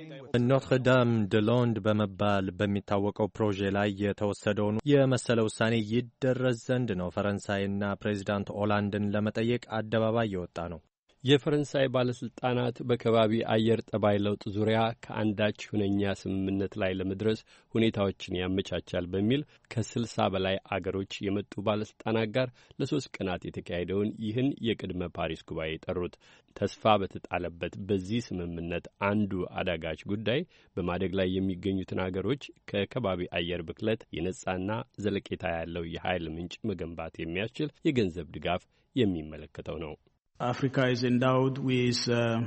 ኖትርዳም ድሎንድ በመባል በሚታወቀው ፕሮጄ ላይ የተወሰደውን የመሰለ ውሳኔ ይደረስ ዘንድ ነው ፈረንሳይና ፕሬዚዳንት ኦላንድን ለመጠየቅ አደባባይ የወጣ ነው። የፈረንሳይ ባለሥልጣናት በከባቢ አየር ጠባይ ለውጥ ዙሪያ ከአንዳች ሁነኛ ስምምነት ላይ ለመድረስ ሁኔታዎችን ያመቻቻል በሚል ከስልሳ በላይ አገሮች የመጡ ባለሥልጣናት ጋር ለሶስት ቀናት የተካሄደውን ይህን የቅድመ ፓሪስ ጉባኤ የጠሩት ተስፋ በተጣለበት በዚህ ስምምነት አንዱ አዳጋች ጉዳይ በማደግ ላይ የሚገኙትን አገሮች ከከባቢ አየር ብክለት የነጻና ዘለቄታ ያለው የኃይል ምንጭ መገንባት የሚያስችል የገንዘብ ድጋፍ የሚመለከተው ነው። Africa is endowed with uh,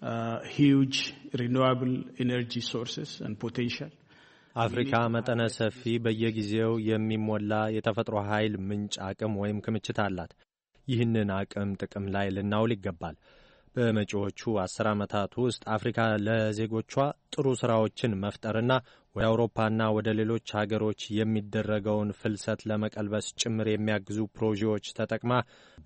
uh, huge renewable energy sources and potential. አፍሪካ መጠነ ሰፊ በየጊዜው የሚሞላ የተፈጥሮ ኃይል ምንጭ አቅም ወይም ክምችት አላት። ይህንን አቅም ጥቅም ላይ ልናውል ይገባል። በመጪዎቹ አስር ዓመታት ውስጥ አፍሪካ ለዜጎቿ ጥሩ ሥራዎችን መፍጠርና ወደ አውሮፓና ወደ ሌሎች ሀገሮች የሚደረገውን ፍልሰት ለመቀልበስ ጭምር የሚያግዙ ፕሮጀዎች ተጠቅማ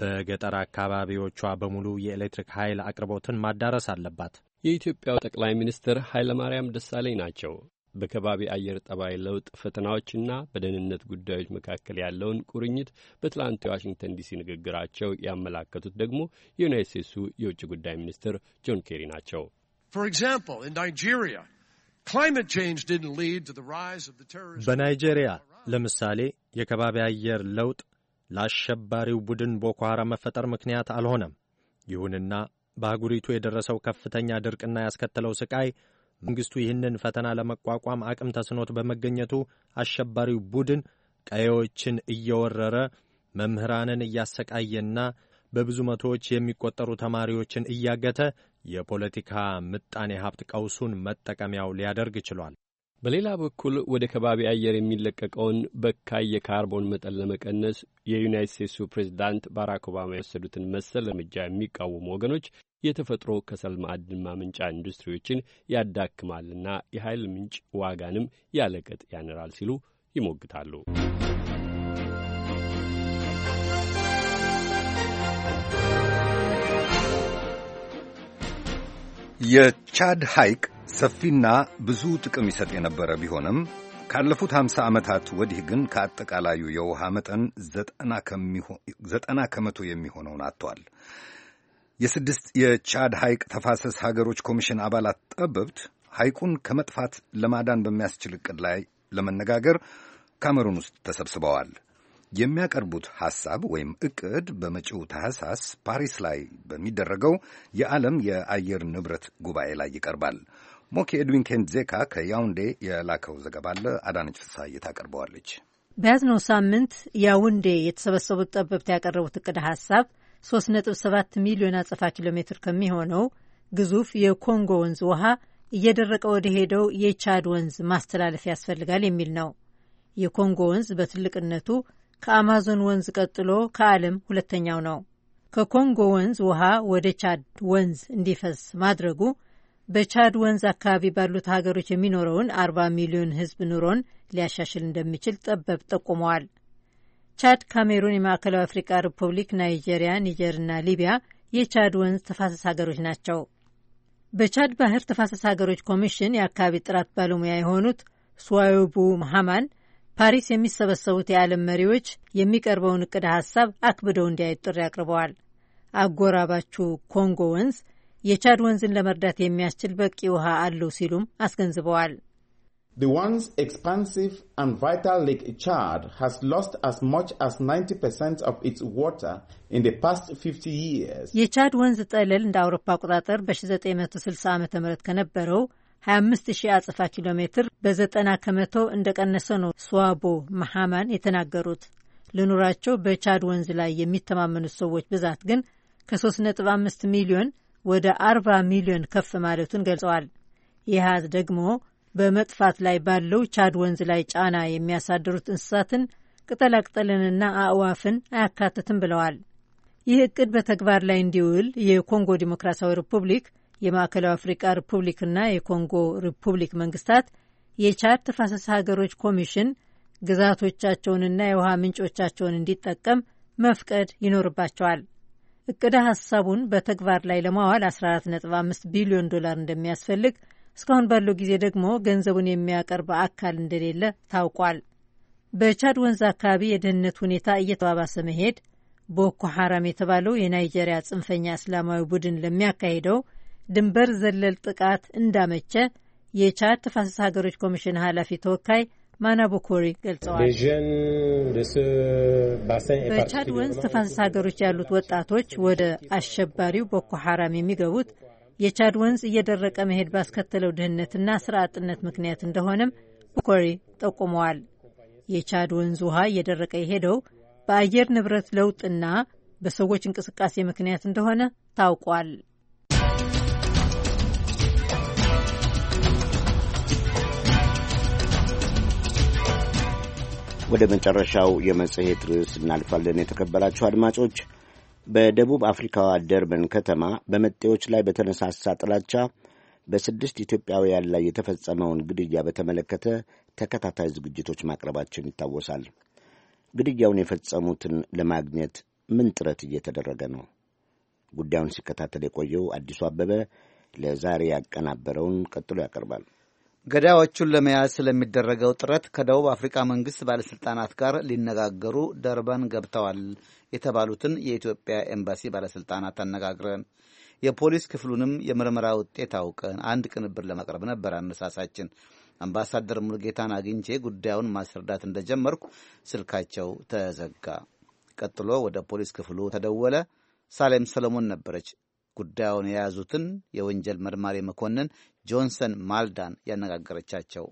በገጠር አካባቢዎቿ በሙሉ የኤሌክትሪክ ኃይል አቅርቦትን ማዳረስ አለባት። የኢትዮጵያው ጠቅላይ ሚኒስትር ኃይለማርያም ደሳለኝ ናቸው በከባቢ አየር ጠባይ ለውጥ ፈተናዎችና በደህንነት ጉዳዮች መካከል ያለውን ቁርኝት በትላንት የዋሽንግተን ዲሲ ንግግራቸው ያመላከቱት ደግሞ የዩናይት ስቴትሱ የውጭ ጉዳይ ሚኒስትር ጆን ኬሪ ናቸው። በናይጄሪያ ለምሳሌ የከባቢ አየር ለውጥ ለአሸባሪው ቡድን ቦኮ ሐራም መፈጠር ምክንያት አልሆነም። ይሁንና በአህጉሪቱ የደረሰው ከፍተኛ ድርቅና ያስከተለው ስቃይ መንግስቱ ይህንን ፈተና ለመቋቋም አቅም ተስኖት በመገኘቱ አሸባሪው ቡድን ቀዬዎችን እየወረረ መምህራንን እያሰቃየና በብዙ መቶዎች የሚቆጠሩ ተማሪዎችን እያገተ የፖለቲካ ምጣኔ ሀብት ቀውሱን መጠቀሚያው ሊያደርግ ችሏል። በሌላ በኩል ወደ ከባቢ አየር የሚለቀቀውን በካይ የካርቦን መጠን ለመቀነስ የዩናይት ስቴትሱ ፕሬዚዳንት ባራክ ኦባማ የወሰዱትን መሰል እርምጃ የሚቃወሙ ወገኖች የተፈጥሮ ከሰል ማዕድን ማመንጫ ኢንዱስትሪዎችን ያዳክማልና የኃይል ምንጭ ዋጋንም ያለቀጥ ያንራል ሲሉ ይሞግታሉ። የቻድ ሐይቅ ሰፊና ብዙ ጥቅም ይሰጥ የነበረ ቢሆንም ካለፉት 50 ዓመታት ወዲህ ግን ከአጠቃላዩ የውሃ መጠን ዘጠና ከመቶ የሚሆነውን አጥቷል። የስድስት የቻድ ሐይቅ ተፋሰስ ሀገሮች ኮሚሽን አባላት ጠበብት ሐይቁን ከመጥፋት ለማዳን በሚያስችል ዕቅድ ላይ ለመነጋገር ካሜሩን ውስጥ ተሰብስበዋል። የሚያቀርቡት ሐሳብ ወይም ዕቅድ በመጪው ታህሳስ ፓሪስ ላይ በሚደረገው የዓለም የአየር ንብረት ጉባኤ ላይ ይቀርባል። ሞኬ ኤድዊን ዜካ ከያውንዴ የላከው ዘገባ አለ። አዳነች ፍሳይ ታቀርበዋለች። በያዝነው ሳምንት ያውንዴ የተሰበሰቡት ጠበብት ያቀረቡት ዕቅድ ሐሳብ 3.7 ሚሊዮን አጸፋ ኪሎ ሜትር ከሚሆነው ግዙፍ የኮንጎ ወንዝ ውሃ እየደረቀ ወደ ሄደው የቻድ ወንዝ ማስተላለፍ ያስፈልጋል የሚል ነው። የኮንጎ ወንዝ በትልቅነቱ ከአማዞን ወንዝ ቀጥሎ ከዓለም ሁለተኛው ነው። ከኮንጎ ወንዝ ውሃ ወደ ቻድ ወንዝ እንዲፈስ ማድረጉ በቻድ ወንዝ አካባቢ ባሉት ሀገሮች የሚኖረውን 40 ሚሊዮን ሕዝብ ኑሮን ሊያሻሽል እንደሚችል ጠበብ ጠቁመዋል። ቻድ፣ ካሜሩን፣ የማዕከላዊ አፍሪቃ ሪፑብሊክ፣ ናይጄሪያ፣ ኒጀርና ሊቢያ የቻድ ወንዝ ተፋሰስ ሀገሮች ናቸው። በቻድ ባህር ተፋሰስ ሀገሮች ኮሚሽን የአካባቢ ጥራት ባለሙያ የሆኑት ስዋዮቡ መሐማን ፓሪስ የሚሰበሰቡት የዓለም መሪዎች የሚቀርበውን እቅደ ሀሳብ አክብደው እንዲያይ ጥሪ አቅርበዋል። አጎራባቹ ኮንጎ ወንዝ የቻድ ወንዝን ለመርዳት የሚያስችል በቂ ውሃ አለው ሲሉም አስገንዝበዋል። The once expansive and vital Lake Chad has lost as much as 90% of its water in the past 50 years. የቻድ ወንዝ ጠለል እንደ አውሮፓ አቆጣጠር በ1960 ዓ ም ከነበረው 25000 አጽፋ ኪሎ ሜትር በ90 ከመቶ እንደቀነሰ ነው ስዋቦ መሐማን የተናገሩት። ለኑራቸው በቻድ ወንዝ ላይ የሚተማመኑት ሰዎች ብዛት ግን ከ3.5 ሚሊዮን ወደ 40 ሚሊዮን ከፍ ማለቱን ገልጸዋል። ይህ ደግሞ በመጥፋት ላይ ባለው ቻድ ወንዝ ላይ ጫና የሚያሳድሩት እንስሳትን፣ ቅጠላቅጠልንና አእዋፍን አያካትትም ብለዋል። ይህ እቅድ በተግባር ላይ እንዲውል የኮንጎ ዲሞክራሲያዊ ሪፑብሊክ፣ የማዕከላዊ አፍሪቃ ሪፑብሊክና የኮንጎ ሪፑብሊክ መንግስታት የቻድ ተፋሰስ ሀገሮች ኮሚሽን ግዛቶቻቸውንና የውሃ ምንጮቻቸውን እንዲጠቀም መፍቀድ ይኖርባቸዋል። እቅደ ሀሳቡን በተግባር ላይ ለማዋል 14.5 ቢሊዮን ዶላር እንደሚያስፈልግ እስካሁን ባለው ጊዜ ደግሞ ገንዘቡን የሚያቀርብ አካል እንደሌለ ታውቋል። በቻድ ወንዝ አካባቢ የደህንነት ሁኔታ እየተባባሰ መሄድ ቦኮ ሐራም የተባለው የናይጄሪያ ጽንፈኛ እስላማዊ ቡድን ለሚያካሂደው ድንበር ዘለል ጥቃት እንዳመቸ የቻድ ተፋሰስ ሀገሮች ኮሚሽን ኃላፊ ተወካይ ማናቦኮሪ ገልጸዋል። በቻድ ወንዝ ተፋሰስ ሀገሮች ያሉት ወጣቶች ወደ አሸባሪው ቦኮ ሐራም የሚገቡት የቻድ ወንዝ እየደረቀ መሄድ ባስከተለው ድህነትና ስራ አጥነት ምክንያት እንደሆነም ኮሪ ጠቁመዋል። የቻድ ወንዝ ውሃ እየደረቀ የሄደው በአየር ንብረት ለውጥና በሰዎች እንቅስቃሴ ምክንያት እንደሆነ ታውቋል። ወደ መጨረሻው የመጽሔት ርዕስ እናልፋለን። የተከበራችሁ አድማጮች በደቡብ አፍሪካዋ ደርበን ከተማ በመጤዎች ላይ በተነሳሳ ጥላቻ በስድስት ኢትዮጵያውያን ላይ የተፈጸመውን ግድያ በተመለከተ ተከታታይ ዝግጅቶች ማቅረባችን ይታወሳል። ግድያውን የፈጸሙትን ለማግኘት ምን ጥረት እየተደረገ ነው? ጉዳዩን ሲከታተል የቆየው አዲሱ አበበ ለዛሬ ያቀናበረውን ቀጥሎ ያቀርባል። ገዳዮቹን ለመያዝ ስለሚደረገው ጥረት ከደቡብ አፍሪካ መንግሥት ባለሥልጣናት ጋር ሊነጋገሩ ደርበን ገብተዋል። የተባሉትን የኢትዮጵያ ኤምባሲ ባለሥልጣናት አነጋግረን የፖሊስ ክፍሉንም የምርመራ ውጤት አውቀን አንድ ቅንብር ለማቅረብ ነበር አነሳሳችን። አምባሳደር ሙልጌታን አግኝቼ ጉዳዩን ማስረዳት እንደጀመርኩ ስልካቸው ተዘጋ። ቀጥሎ ወደ ፖሊስ ክፍሉ ተደወለ። ሳሌም ሰለሞን ነበረች ጉዳዩን የያዙትን የወንጀል መርማሪ መኮንን ጆንሰን ማልዳን ያነጋገረቻቸው።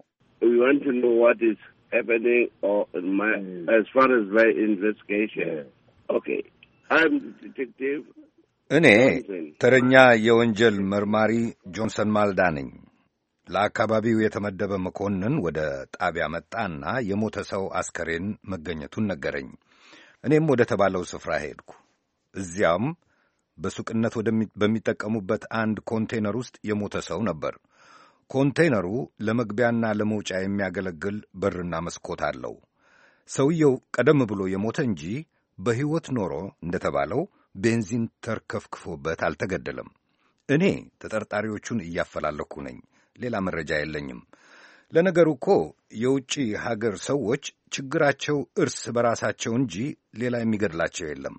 እኔ ተረኛ የወንጀል መርማሪ ጆንሰን ማልዳ ነኝ። ለአካባቢው የተመደበ መኮንን ወደ ጣቢያ መጣና የሞተ ሰው አስከሬን መገኘቱን ነገረኝ። እኔም ወደ ተባለው ስፍራ ሄድኩ። እዚያም በሱቅነት በሚጠቀሙበት አንድ ኮንቴነር ውስጥ የሞተ ሰው ነበር። ኮንቴነሩ ለመግቢያና ለመውጫ የሚያገለግል በርና መስኮት አለው። ሰውየው ቀደም ብሎ የሞተ እንጂ በሕይወት ኖሮ እንደተባለው ቤንዚን ተርከፍክፎበት አልተገደለም። እኔ ተጠርጣሪዎቹን እያፈላለኩ ነኝ። ሌላ መረጃ የለኝም። ለነገሩ እኮ የውጭ ሀገር ሰዎች ችግራቸው እርስ በራሳቸው እንጂ ሌላ የሚገድላቸው የለም።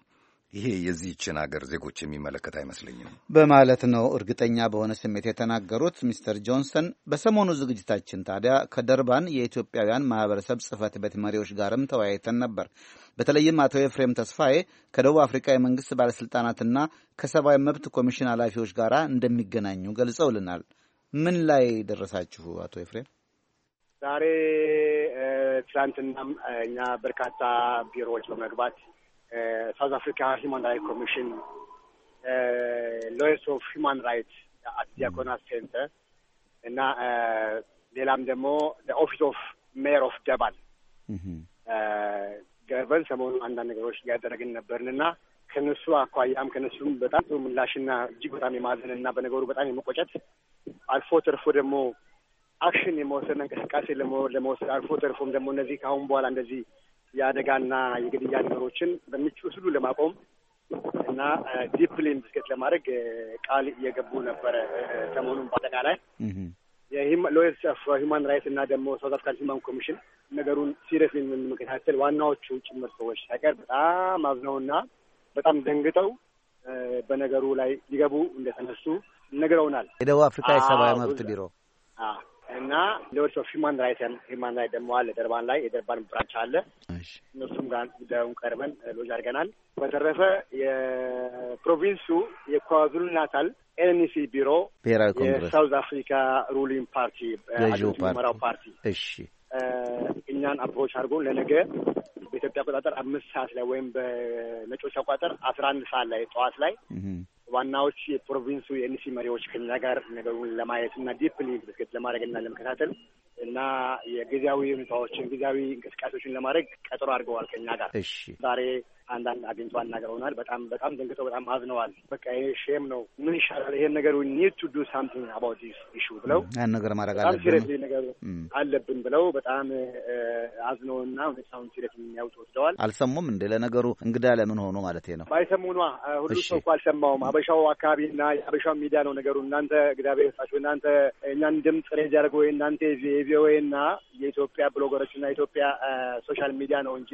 ይሄ የዚህችን አገር ዜጎች የሚመለከት አይመስለኝም በማለት ነው እርግጠኛ በሆነ ስሜት የተናገሩት ሚስተር ጆንሰን። በሰሞኑ ዝግጅታችን ታዲያ ከደርባን የኢትዮጵያውያን ማህበረሰብ ጽህፈት ቤት መሪዎች ጋርም ተወያይተን ነበር። በተለይም አቶ ኤፍሬም ተስፋዬ ከደቡብ አፍሪካ የመንግስት ባለሥልጣናትና ከሰብአዊ መብት ኮሚሽን ኃላፊዎች ጋር እንደሚገናኙ ገልጸውልናል። ምን ላይ ደረሳችሁ አቶ ኤፍሬም? ዛሬ ትላንትናም እኛ በርካታ ቢሮዎች በመግባት ሳውዝ አፍሪካ ሂማን ራይት ኮሚሽን፣ ሎየርስ ኦፍ ሂማን ራይት አት ዲያኮናት ሴንተር እና ሌላም ደግሞ ኦፊስ ኦፍ ሜየር ኦፍ ደባል ገርበን ሰሞኑን አንዳንድ ነገሮች እያደረግን ነበርን እና ከነሱ አኳያም ከነሱም በጣም ጥሩ ምላሽና እጅግ በጣም የማዘን እና በነገሩ በጣም የመቆጨት አልፎ ተርፎ ደግሞ አክሽን የመወሰድና እንቅስቃሴ ለመወሰድ አልፎ ተርፎም ደግሞ እነዚህ ከአሁን በኋላ እንደዚህ የአደጋና የግድያ ነገሮችን በሚችሉ ለማቆም እና ዲፕሊን ብስኬት ለማድረግ ቃል እየገቡ ነበረ። ሰሞኑን በአጠቃላይ የሎየርስ ኦፍ ሂውማን ራይትስ እና ደግሞ ሳውት አፍሪካን ሂማን ኮሚሽን ነገሩን ሲሪየስ የምንመከታተል ዋናዎቹ ጭምር ሰዎች ሳይቀር በጣም አዝነውና በጣም ደንግጠው በነገሩ ላይ ሊገቡ እንደተነሱ ነግረውናል። የደቡብ አፍሪካ የሰብአዊ መብት ቢሮ እና ሌሎች ኦፍ ሂማን ራይት ሂማን ራይት ደግሞ አለ ደርባን ላይ የደርባን ብራንች አለ። እነሱም ጋር ጉዳዩን ቀርበን ሎጅ አድርገናል። በተረፈ የፕሮቪንሱ የኳዙሉ ናታል ኤንሲ ቢሮ ብሔራዊ ኮንግረስ የሳውዝ አፍሪካ ሩሊንግ ፓርቲ መራው ፓርቲ እሺ እኛን አፕሮች አድርጎ ለነገ በኢትዮጵያ አቆጣጠር አምስት ሰዓት ላይ ወይም በነጮች አቆጣጠር አስራ አንድ ሰዓት ላይ ጠዋት ላይ ዋናዎች የፕሮቪንሱ የኤንሲ መሪዎች ከኛ ጋር ነገሩን ለማየት እና ዲፕሊ ኢንቨስቲጌት ለማድረግና ለመከታተል እና የጊዜያዊ ሁኔታዎችን ጊዜያዊ እንቅስቃሴዎችን ለማድረግ ቀጠሮ አድርገዋል ከኛ ጋር። ዛሬ አንዳንድ አግኝቶ አናግረውናል። በጣም በጣም ደንግጠው በጣም አዝነዋል። በቃ ይሄ ሼም ነው። ምን ይሻላል? ይሄን ነገር ኒድ ቱ ዱ ሳምቲንግ አባውት ዲስ ኢሹ ብለው ያን ነገር ማድረግ አለብን ሲሪየስሊ ነገር አለብን ብለው በጣም አዝነውና ሁኔታውን ሲሪየስ የሚያውጡ ወስደዋል። አልሰሙም እንዴ? ለነገሩ እንግዳ ለምን ሆኖ ማለት ነው ባይሰሙኗ ሁሉ ሰው እኮ አልሰማውም። አበሻው አካባቢ አካባቢና የአበሻው ሚዲያ ነው ነገሩ። እናንተ እግዚአብሔር ይስጣችሁ። እናንተ እኛን ድምፅ ሬጅ ወይ እናንተ የቪኦኤና የኢትዮጵያ ብሎገሮች ብሎገሮችና የኢትዮጵያ ሶሻል ሚዲያ ነው እንጂ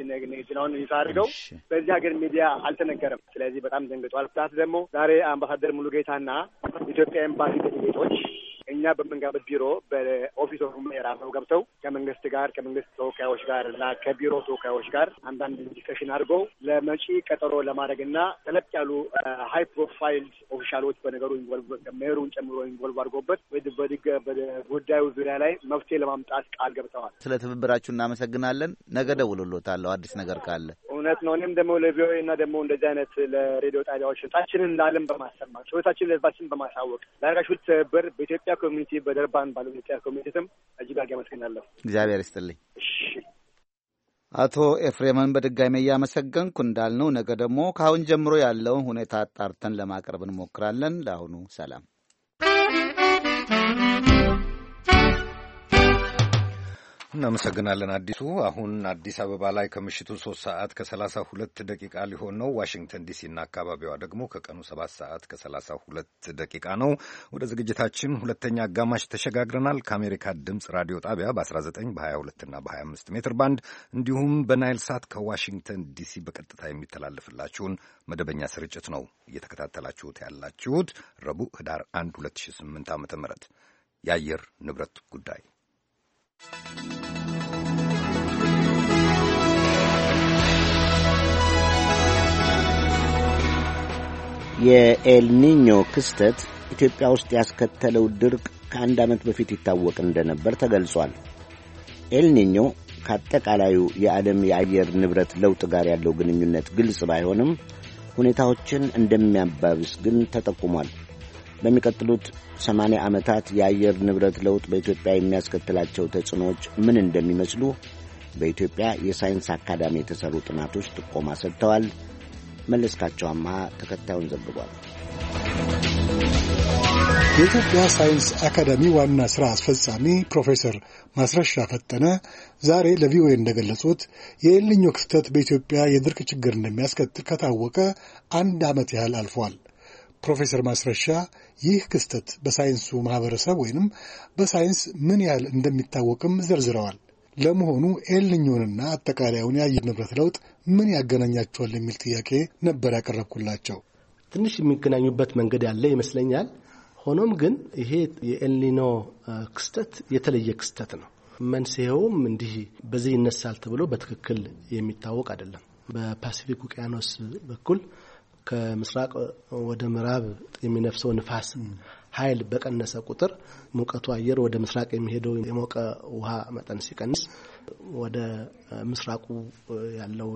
ዜናውን ይፋ አድርገው በዚህ ሀገር ሚዲያ አልተነገረም። ስለዚህ በጣም ደንግጧል። ፕላስ ደግሞ ዛሬ አምባሳደር ሙሉጌታና ኢትዮጵያ ኤምባሲ ቤት እኛ በምንገባበት ቢሮ በኦፊስ ኦፍ ሜራ ሰው ገብተው ከመንግስት ጋር ከመንግስት ተወካዮች ጋር እና ከቢሮ ተወካዮች ጋር አንዳንድ ዲስከሽን አድርገው ለመጪ ቀጠሮ ለማድረግ እና ተለቅ ያሉ ሀይ ፕሮፋይል ኦፊሻሎች በነገሩ ሜሩን ጨምሮ ኢንቮልቭ አድርጎበት በጉዳዩ ዙሪያ ላይ መፍትሄ ለማምጣት ቃል ገብተዋል። ስለ ትብብራችሁ እናመሰግናለን። ነገ ደውልሎታለሁ አዲስ ነገር ካለ እውነት ነው። እኔም ደግሞ ለቪኦኤ እና ደግሞ እንደዚህ አይነት ለሬዲዮ ጣቢያዎች ህይወታችንን ለዓለም በማሰማት ህይወታችንን ለህዝባችን በማሳወቅ ላረጋችሁት ትብብር በኢትዮጵያ ኮሚኒቲ በደርባን ባለው ኢትዮጵያ ኮሚኒቲ ስም እጅግ አድርጌ አመሰግናለሁ። እግዚአብሔር ይስጥልኝ። አቶ ኤፍሬምን በድጋሚ እያመሰገንኩ እንዳልነው ነገ ደግሞ ከአሁን ጀምሮ ያለውን ሁኔታ አጣርተን ለማቅረብ እንሞክራለን። ለአሁኑ ሰላም። እናመሰግናለን አዲሱ። አሁን አዲስ አበባ ላይ ከምሽቱ ሶስት ሰዓት ከሰላሳ ሁለት ደቂቃ ሊሆን ነው። ዋሽንግተን ዲሲ እና አካባቢዋ ደግሞ ከቀኑ ሰባት ሰዓት ከሰላሳ ሁለት ደቂቃ ነው። ወደ ዝግጅታችን ሁለተኛ አጋማሽ ተሸጋግረናል። ከአሜሪካ ድምፅ ራዲዮ ጣቢያ በ19 በ22ና በ25 ሜትር ባንድ እንዲሁም በናይል ሳት ከዋሽንግተን ዲሲ በቀጥታ የሚተላለፍላችሁን መደበኛ ስርጭት ነው እየተከታተላችሁት ያላችሁት። ረቡዕ ህዳር 1 2008 ዓ ም የአየር ንብረት ጉዳይ የኤልኒኞ ክስተት ኢትዮጵያ ውስጥ ያስከተለው ድርቅ ከአንድ ዓመት በፊት ይታወቅ እንደነበር ተገልጿል። ኤልኒኞ ከአጠቃላዩ የዓለም የአየር ንብረት ለውጥ ጋር ያለው ግንኙነት ግልጽ ባይሆንም ሁኔታዎችን እንደሚያባብስ ግን ተጠቁሟል። በሚቀጥሉት 80 ዓመታት የአየር ንብረት ለውጥ በኢትዮጵያ የሚያስከትላቸው ተጽዕኖዎች ምን እንደሚመስሉ በኢትዮጵያ የሳይንስ አካዳሚ የተሠሩ ጥናቶች ጥቆማ ሰጥተዋል። መለስካቸው አማሃ ተከታዩን ዘግቧል። የኢትዮጵያ ሳይንስ አካዳሚ ዋና ሥራ አስፈጻሚ ፕሮፌሰር ማስረሻ ፈጠነ ዛሬ ለቪኦኤ እንደገለጹት የኤልኞ ክስተት በኢትዮጵያ የድርቅ ችግር እንደሚያስከትል ከታወቀ አንድ ዓመት ያህል አልፏል። ፕሮፌሰር ማስረሻ ይህ ክስተት በሳይንሱ ማህበረሰብ ወይንም በሳይንስ ምን ያህል እንደሚታወቅም ዘርዝረዋል። ለመሆኑ ኤልኒኞንና አጠቃላዩን የአየር ንብረት ለውጥ ምን ያገናኛቸዋል የሚል ጥያቄ ነበር ያቀረብኩላቸው። ትንሽ የሚገናኙበት መንገድ ያለ ይመስለኛል። ሆኖም ግን ይሄ የኤልኒኖ ክስተት የተለየ ክስተት ነው። መንስኤውም እንዲህ በዚህ ይነሳል ተብሎ በትክክል የሚታወቅ አይደለም። በፓሲፊክ ውቅያኖስ በኩል ከምስራቅ ወደ ምዕራብ የሚነፍሰው ንፋስ ኃይል በቀነሰ ቁጥር ሙቀቱ አየር ወደ ምስራቅ የሚሄደው የሞቀ ውሃ መጠን ሲቀንስ ወደ ምስራቁ ያለው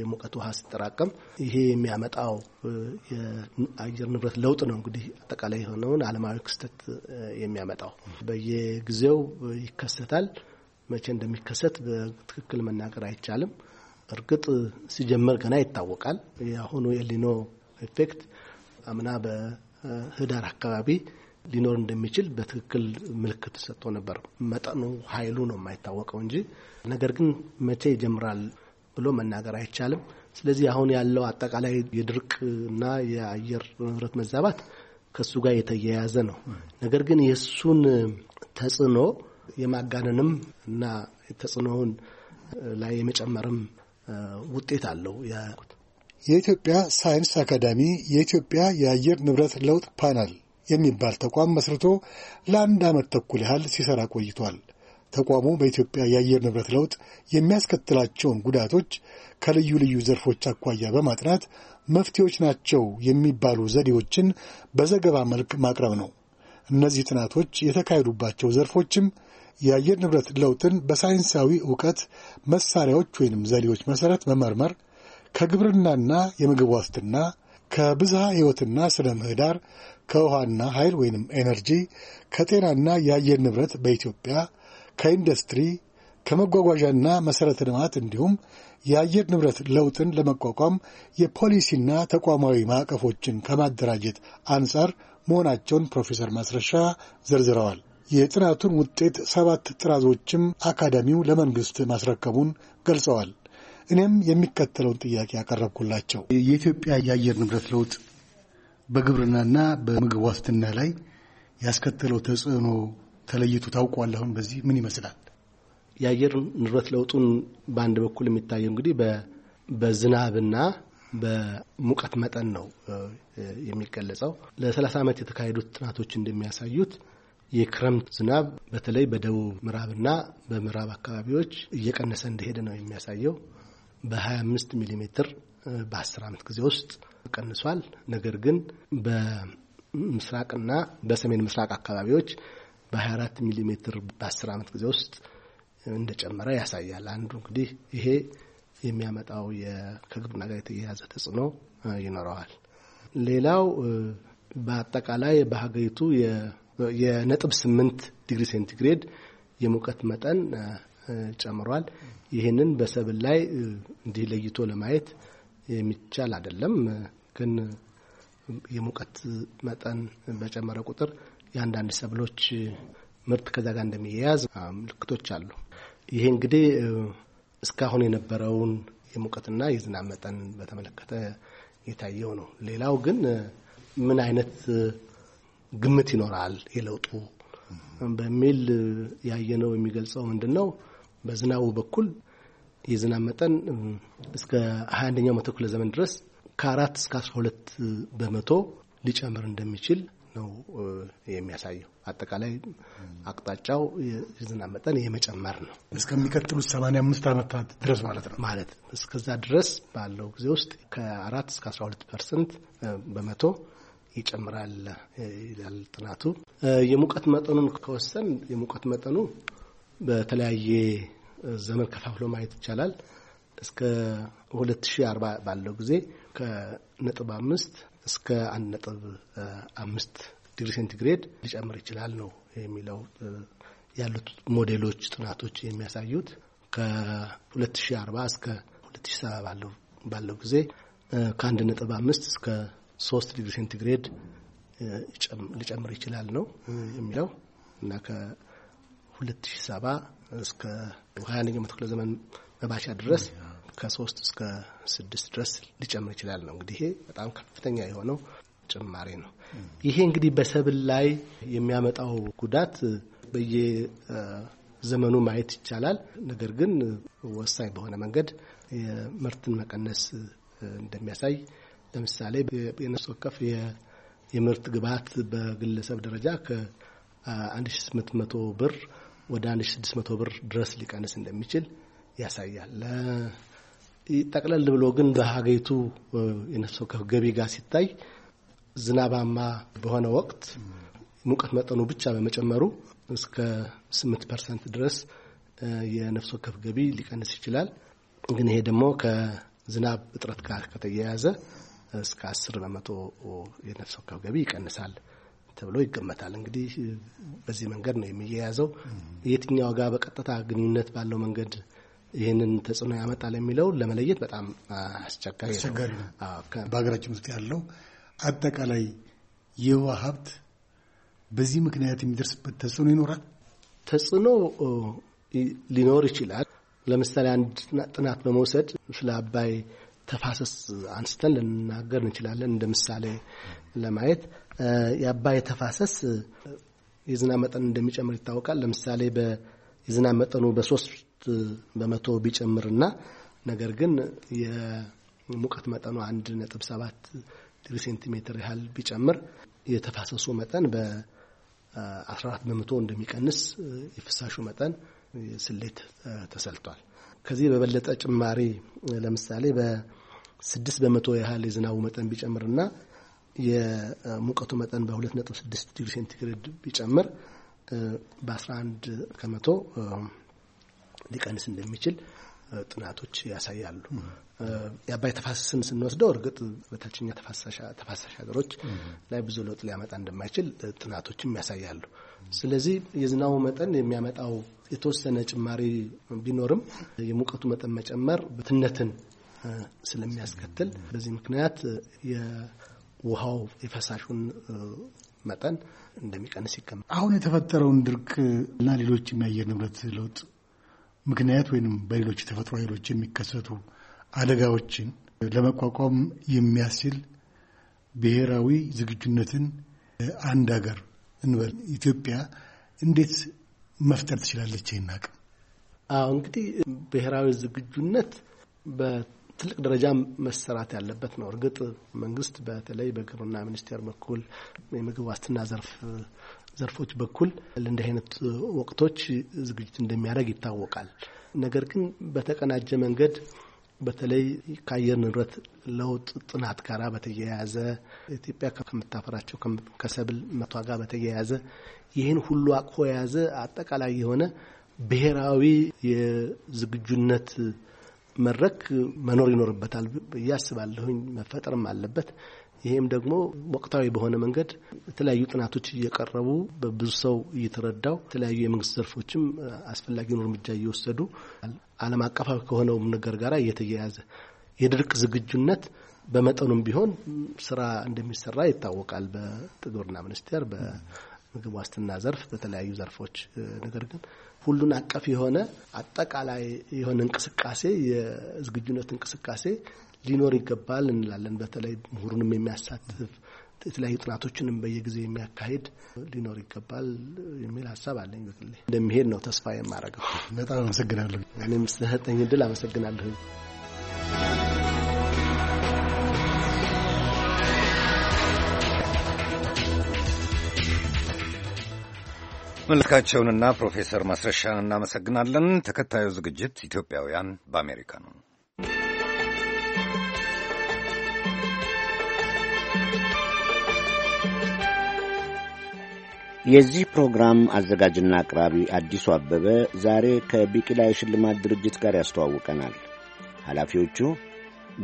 የሙቀት ውሃ ሲጠራቀም ይሄ የሚያመጣው የአየር ንብረት ለውጥ ነው። እንግዲህ አጠቃላይ የሆነውን ዓለማዊ ክስተት የሚያመጣው በየጊዜው ይከሰታል። መቼ እንደሚከሰት በትክክል መናገር አይቻልም። እርግጥ ሲጀመር ገና ይታወቃል። የአሁኑ የሊኖ ኢፌክት አምና በህዳር አካባቢ ሊኖር እንደሚችል በትክክል ምልክት ሰጥቶ ነበር። መጠኑ ኃይሉ ነው የማይታወቀው እንጂ ነገር ግን መቼ ይጀምራል ብሎ መናገር አይቻልም። ስለዚህ አሁን ያለው አጠቃላይ የድርቅ እና የአየር ንብረት መዛባት ከሱ ጋር የተያያዘ ነው። ነገር ግን የእሱን ተጽዕኖ የማጋነንም እና ተጽዕኖውን ላይ የመጨመርም ውጤት አለው። የኢትዮጵያ ሳይንስ አካዳሚ የኢትዮጵያ የአየር ንብረት ለውጥ ፓናል የሚባል ተቋም መስርቶ ለአንድ ዓመት ተኩል ያህል ሲሰራ ቆይቷል። ተቋሙ በኢትዮጵያ የአየር ንብረት ለውጥ የሚያስከትላቸውን ጉዳቶች ከልዩ ልዩ ዘርፎች አኳያ በማጥናት መፍትሄዎች ናቸው የሚባሉ ዘዴዎችን በዘገባ መልክ ማቅረብ ነው። እነዚህ ጥናቶች የተካሄዱባቸው ዘርፎችም የአየር ንብረት ለውጥን በሳይንሳዊ እውቀት መሳሪያዎች ወይንም ዘዴዎች መሠረት መመርመር ከግብርናና የምግብ ዋስትና ከብዝሃ ሕይወትና ስነ ምህዳር ከውሃና ኃይል ወይንም ኤነርጂ ከጤናና የአየር ንብረት በኢትዮጵያ ከኢንዱስትሪ ከመጓጓዣና መሠረተ ልማት እንዲሁም የአየር ንብረት ለውጥን ለመቋቋም የፖሊሲና ተቋማዊ ማዕቀፎችን ከማደራጀት አንጻር መሆናቸውን ፕሮፌሰር ማስረሻ ዘርዝረዋል። የጥናቱን ውጤት ሰባት ጥራዞችም አካዳሚው ለመንግስት ማስረከቡን ገልጸዋል። እኔም የሚከተለውን ጥያቄ ያቀረብኩላቸው የኢትዮጵያ የአየር ንብረት ለውጥ በግብርናና በምግብ ዋስትና ላይ ያስከተለው ተጽዕኖ ተለይቶ ታውቋል። አሁን በዚህ ምን ይመስላል? የአየር ንብረት ለውጡን በአንድ በኩል የሚታየው እንግዲህ በዝናብና በሙቀት መጠን ነው የሚገለጸው። ዓመት የተካሄዱት ጥናቶች እንደሚያሳዩት የክረምት ዝናብ በተለይ በደቡብ ምዕራብና በምዕራብ አካባቢዎች እየቀነሰ እንደሄደ ነው የሚያሳየው። በ25 ሚሊ ሜትር በ10 ዓመት ጊዜ ውስጥ ቀንሷል። ነገር ግን በምስራቅና በሰሜን ምስራቅ አካባቢዎች በ24 ሚሊ ሜትር በ10 ዓመት ጊዜ ውስጥ እንደጨመረ ያሳያል። አንዱ እንግዲህ ይሄ የሚያመጣው ከግብርና ጋር የተያያዘ ተጽዕኖ ይኖረዋል። ሌላው በአጠቃላይ በሀገሪቱ የነጥብ ስምንት ዲግሪ ሴንቲግሬድ የሙቀት መጠን ጨምሯል። ይህንን በሰብል ላይ እንዲህ ለይቶ ለማየት የሚቻል አይደለም። ግን የሙቀት መጠን በጨመረ ቁጥር የአንዳንድ ሰብሎች ምርት ከዛ ጋር እንደሚያያዝ ምልክቶች አሉ። ይሄ እንግዲህ እስካሁን የነበረውን የሙቀትና የዝናብ መጠን በተመለከተ የታየው ነው። ሌላው ግን ምን አይነት ግምት ይኖራል የለውጡ በሚል ያየነው የሚገልጸው ምንድን ነው? በዝናቡ በኩል የዝናብ መጠን እስከ 21ኛው መቶ ክፍለ ዘመን ድረስ ከአራት እስከ 12 በመቶ ሊጨምር እንደሚችል ነው የሚያሳየው። አጠቃላይ አቅጣጫው የዝናብ መጠን የመጨመር ነው። እስከሚቀጥሉት 85 ዓመታት ድረስ ማለት ነው። ማለት እስከዛ ድረስ ባለው ጊዜ ውስጥ ከአራት እስከ 12 ፐርሰንት በመቶ ይጨምራል ይላል ጥናቱ። የሙቀት መጠኑን ከወሰን የሙቀት መጠኑ በተለያየ ዘመን ከፋፍሎ ማየት ይቻላል። እስከ 2040 ባለው ጊዜ ከነጥብ አምስት እስከ አንድ ነጥብ አምስት ዲግሪ ሴንቲግሬድ ሊጨምር ይችላል ነው የሚለው ያሉት ሞዴሎች ጥናቶች የሚያሳዩት ከ2040 እስከ 2070 ባለው ጊዜ ከአንድ ነጥብ አምስት እስከ ሶስት ዲግሪ ሴንቲግሬድ ሊጨምር ይችላል ነው የሚለው እና ከ2070 እስከ 21ኛው መቶ ክፍለ ዘመን መባቻ ድረስ ከሶስት እስከ ስድስት ድረስ ሊጨምር ይችላል ነው። እንግዲህ ይሄ በጣም ከፍተኛ የሆነው ጭማሪ ነው። ይሄ እንግዲህ በሰብል ላይ የሚያመጣው ጉዳት በየዘመኑ ማየት ይቻላል። ነገር ግን ወሳኝ በሆነ መንገድ የምርትን መቀነስ እንደሚያሳይ ለምሳሌ የነፍስ ወከፍ የምርት ግብዓት በግለሰብ ደረጃ ከ1800 ብር ወደ 1600 ብር ድረስ ሊቀንስ እንደሚችል ያሳያል። ጠቅለል ብሎ ግን በሀገሪቱ የነፍስ ወከፍ ገቢ ጋር ሲታይ ዝናባማ በሆነ ወቅት ሙቀት መጠኑ ብቻ በመጨመሩ እስከ 8 ፐርሰንት ድረስ የነፍስ ወከፍ ገቢ ሊቀንስ ይችላል። ግን ይሄ ደግሞ ከዝናብ እጥረት ጋር ከተያያዘ እስከ አስር በመቶ የነፍስ ወከፍ ገቢ ይቀንሳል ተብሎ ይገመታል። እንግዲህ በዚህ መንገድ ነው የሚያያዘው። የትኛው ጋር በቀጥታ ግንኙነት ባለው መንገድ ይህንን ተጽዕኖ ያመጣል የሚለው ለመለየት በጣም አስቸጋሪ ነው። በሀገራችን ውስጥ ያለው አጠቃላይ የውሃ ሀብት በዚህ ምክንያት የሚደርስበት ተጽዕኖ ይኖራል። ተጽዕኖ ሊኖር ይችላል። ለምሳሌ አንድ ጥናት በመውሰድ ስለ አባይ ተፋሰስ አንስተን ልንናገር እንችላለን። እንደ ምሳሌ ለማየት የአባይ ተፋሰስ የዝናብ መጠን እንደሚጨምር ይታወቃል። ለምሳሌ የዝናብ መጠኑ በሶስት በመቶ ቢጨምርና ነገር ግን የሙቀት መጠኑ አንድ ነጥብ ሰባት ዲግሪ ሴንቲሜትር ያህል ቢጨምር የተፋሰሱ መጠን በ14 በመቶ እንደሚቀንስ የፍሳሹ መጠን ስሌት ተሰልቷል። ከዚህ በበለጠ ጭማሪ ለምሳሌ በስድስት በመቶ ያህል የዝናቡ መጠን ቢጨምርና የሙቀቱ መጠን በ 26 ዲግሪ ሴንቲግሬድ ቢጨምር በ11 ከመቶ ሊቀንስ እንደሚችል ጥናቶች ያሳያሉ። የአባይ ተፋሰስን ስንወስደው እርግጥ በታችኛ ተፋሳሽ ሀገሮች ላይ ብዙ ለውጥ ሊያመጣ እንደማይችል ጥናቶችም ያሳያሉ። ስለዚህ የዝናቡ መጠን የሚያመጣው የተወሰነ ጭማሪ ቢኖርም የሙቀቱ መጠን መጨመር ብትነትን ስለሚያስከትል በዚህ ምክንያት የውሃው የፈሳሹን መጠን እንደሚቀንስ ይገመታል። አሁን የተፈጠረውን ድርቅ እና ሌሎች የአየር ንብረት ለውጥ ምክንያት ወይም በሌሎች የተፈጥሮ ኃይሎች የሚከሰቱ አደጋዎችን ለመቋቋም የሚያስችል ብሔራዊ ዝግጁነትን አንድ ሀገር እንበል ኢትዮጵያ እንዴት መፍጠር ትችላለች? ይናቅ አሁ እንግዲህ ብሔራዊ ዝግጁነት በትልቅ ደረጃ መሰራት ያለበት ነው። እርግጥ መንግስት በተለይ በግብርና ሚኒስቴር በኩል የምግብ ዋስትና ዘርፍ ዘርፎች በኩል ለእንዲህ አይነት ወቅቶች ዝግጅት እንደሚያደርግ ይታወቃል። ነገር ግን በተቀናጀ መንገድ በተለይ ከአየር ንብረት ለውጥ ጥናት ጋር በተያያዘ ኢትዮጵያ ከምታፈራቸው ከሰብል መቷ ጋር በተያያዘ ይህን ሁሉ አቅፎ የያዘ አጠቃላይ የሆነ ብሔራዊ የዝግጁነት መድረክ መኖር ይኖርበታል ብዬ አስባለሁኝ። መፈጠርም አለበት። ይሄም ደግሞ ወቅታዊ በሆነ መንገድ የተለያዩ ጥናቶች እየቀረቡ በብዙ ሰው እየተረዳው የተለያዩ የመንግስት ዘርፎችም አስፈላጊውን እርምጃ እየወሰዱ ዓለም አቀፋዊ ከሆነውም ነገር ጋር እየተያያዘ የድርቅ ዝግጁነት በመጠኑም ቢሆን ስራ እንደሚሰራ ይታወቃል። በግብርና ሚኒስቴር፣ በምግብ ዋስትና ዘርፍ፣ በተለያዩ ዘርፎች ነገር ግን ሁሉን አቀፍ የሆነ አጠቃላይ የሆነ እንቅስቃሴ የዝግጁነት እንቅስቃሴ ሊኖር ይገባል እንላለን። በተለይ ምሁሩንም የሚያሳትፍ የተለያዩ ጥናቶችንም በየጊዜው የሚያካሂድ ሊኖር ይገባል የሚል ሀሳብ አለኝ። በግሌ እንደሚሄድ ነው ተስፋ የማደርገው። በጣም አመሰግናለሁ። እኔም ስለሰጠኝ እድል አመሰግናለሁ። መለስካቸውንና ፕሮፌሰር ማስረሻን እናመሰግናለን። ተከታዩ ዝግጅት ኢትዮጵያውያን በአሜሪካ ነው። የዚህ ፕሮግራም አዘጋጅና አቅራቢ አዲሱ አበበ ዛሬ ከቢቂላ የሽልማት ድርጅት ጋር ያስተዋውቀናል። ኃላፊዎቹ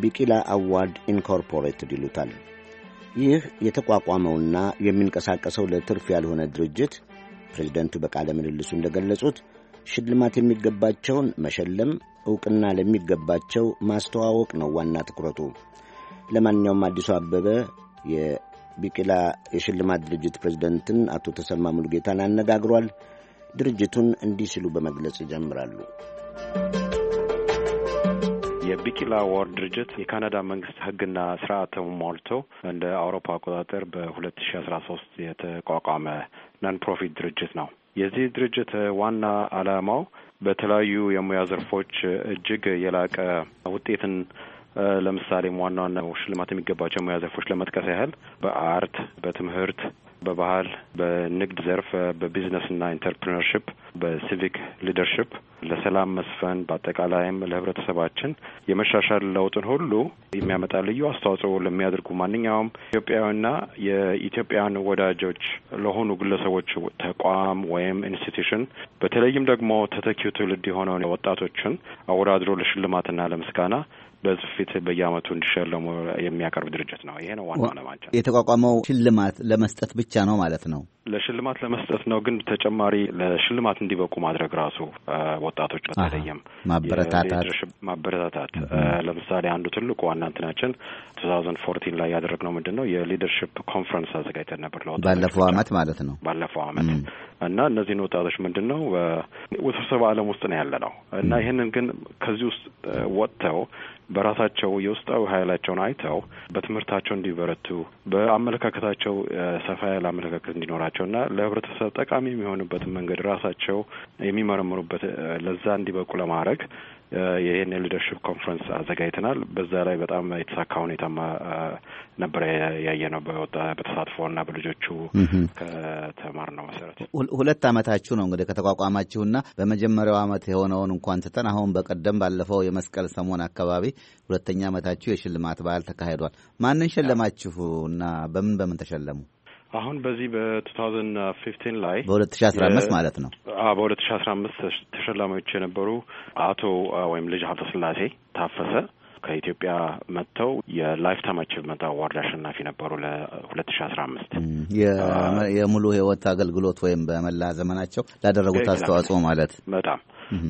ቢቂላ አዋርድ ኢንኮርፖሬትድ ይሉታል። ይህ የተቋቋመውና የሚንቀሳቀሰው ለትርፍ ያልሆነ ድርጅት ፕሬዚደንቱ በቃለ ምልልሱ እንደገለጹት ሽልማት የሚገባቸውን መሸለም፣ ዕውቅና ለሚገባቸው ማስተዋወቅ ነው ዋና ትኩረቱ። ለማንኛውም አዲሱ አበበ ቢቂላ የሽልማት ድርጅት ፕሬዝደንትን አቶ ተሰማ ሙሉጌታን አነጋግሯል። ድርጅቱን እንዲህ ሲሉ በመግለጽ ይጀምራሉ። የቢቂላ አዋርድ ድርጅት የካናዳ መንግስት ህግና ስርዓት ሞልቶ እንደ አውሮፓ አቆጣጠር በሁለት ሺ አስራ ሶስት የተቋቋመ ነን ፕሮፊት ድርጅት ነው። የዚህ ድርጅት ዋና አላማው በተለያዩ የሙያ ዘርፎች እጅግ የላቀ ውጤትን ለምሳሌም ዋና ዋና ሽልማት የሚገባቸው ሙያ ዘርፎች ለመጥቀስ ያህል በአርት፣ በትምህርት፣ በባህል፣ በንግድ ዘርፍ፣ በቢዝነስና ኢንተርፕሪነርሽፕ፣ በሲቪክ ሊደርሽፕ ለሰላም መስፈን በአጠቃላይም ለህብረተሰባችን የመሻሻል ለውጥን ሁሉ የሚያመጣ ልዩ አስተዋጽኦ ለሚያደርጉ ማንኛውም ኢትዮጵያውያንና የኢትዮጵያን ወዳጆች ለሆኑ ግለሰቦች፣ ተቋም ወይም ኢንስቲትዩሽን በተለይም ደግሞ ተተኪው ትውልድ የሆነውን ወጣቶችን አወዳድሮ ለሽልማትና ለምስጋና በዚህ በየአመቱ እንዲሸለሙ የሚያቀርብ ድርጅት ነው። ይሄ ነው ዋና ዓላማችን። የተቋቋመው ሽልማት ለመስጠት ብቻ ነው ማለት ነው። ለሽልማት ለመስጠት ነው፣ ግን ተጨማሪ ለሽልማት እንዲበቁ ማድረግ ራሱ ወጣቶች በተለይም ማበረታታት ማበረታታት። ለምሳሌ አንዱ ትልቁ ዋና እንትናችን ቱ ፎርቲን ላይ ያደረግነው ምንድን ነው የሊደርሽፕ ኮንፈረንስ አዘጋጅተን ነበር ለወጣቶች ባለፈው አመት ማለት ነው ባለፈው አመት እና እነዚህን ወጣቶች ምንድን ነው ውስብስብ አለም ውስጥ ነው ያለ ነው እና ይህንን ግን ከዚህ ውስጥ ወጥተው በራሳቸው የውስጣዊ ኃይላቸውን አይተው በትምህርታቸው እንዲበረቱ በአመለካከታቸው ሰፋ ያለ አመለካከት እንዲኖራቸውና ለህብረተሰብ ጠቃሚ የሚሆኑበትን መንገድ ራሳቸው የሚመረምሩበት ለዛ እንዲበቁ ለማድረግ ይህን የሊደርሽፕ ኮንፈረንስ አዘጋጅተናል። በዛ ላይ በጣም የተሳካ ሁኔታ ነበረ ያየ ነው በተሳትፎና በልጆቹ ከተማር ነው መሰረት ሁለት አመታችሁ ነው እንግዲህ ከተቋቋማችሁና በመጀመሪያው አመት የሆነውን እንኳን ትተን አሁን በቀደም ባለፈው የመስቀል ሰሞን አካባቢ ሁለተኛ አመታችሁ የሽልማት በዓል ተካሂዷል። ማንን ሸለማችሁ እና በምን በምን ተሸለሙ? አሁን በዚህ በ2015 ላይ በ2015 ማለት ነው በ2015 ተሸላሚዎች የነበሩ አቶ ወይም ልጅ ሀብተስላሴ ታፈሰ ከኢትዮጵያ መጥተው የላይፍታይም አቺቭመንት አዋርድ አሸናፊ ነበሩ ለሁለት ሺ አስራ አምስት የሙሉ ህይወት አገልግሎት ወይም በመላ ዘመናቸው ላደረጉት አስተዋጽኦ ማለት በጣም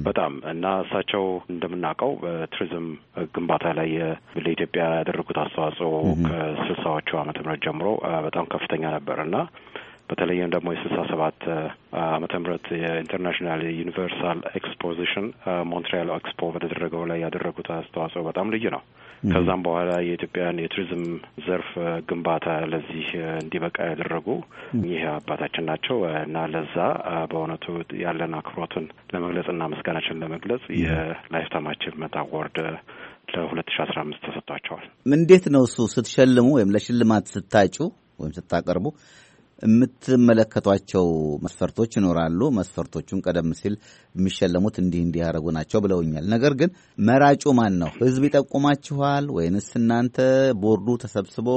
በጣም እና እሳቸው እንደምናውቀው በቱሪዝም ግንባታ ላይ ለኢትዮጵያ ያደረጉት አስተዋጽኦ ከስልሳዎቹ አመተ ምህረት ጀምሮ በጣም ከፍተኛ ነበር እና በተለይም ደግሞ የስልሳ ሰባት አመተ ምህረት የኢንተርናሽናል ዩኒቨርሳል ኤክስፖዚሽን ሞንትሪያል ኤክስፖ በተደረገው ላይ ያደረጉት አስተዋጽኦ በጣም ልዩ ነው። ከዛም በኋላ የኢትዮጵያን የቱሪዝም ዘርፍ ግንባታ ለዚህ እንዲበቃ ያደረጉ ይህ አባታችን ናቸው እና ለዛ በእውነቱ ያለን አክብሮትን ለመግለጽና ምስጋናችን ለመግለጽ የላይፍ ታይም አቺቭመንት አዋርድ ለሁለት ሺ አስራ አምስት ተሰጥቷቸዋል። እንዴት ነው እሱ ስትሸልሙ ወይም ለሽልማት ስታጩ ወይም ስታቀርቡ የምትመለከቷቸው መስፈርቶች ይኖራሉ። መስፈርቶቹን ቀደም ሲል የሚሸለሙት እንዲህ እንዲህ ያደረጉ ናቸው ብለውኛል። ነገር ግን መራጩ ማን ነው? ህዝብ ይጠቁማችኋል ወይንስ እናንተ ቦርዱ ተሰብስቦ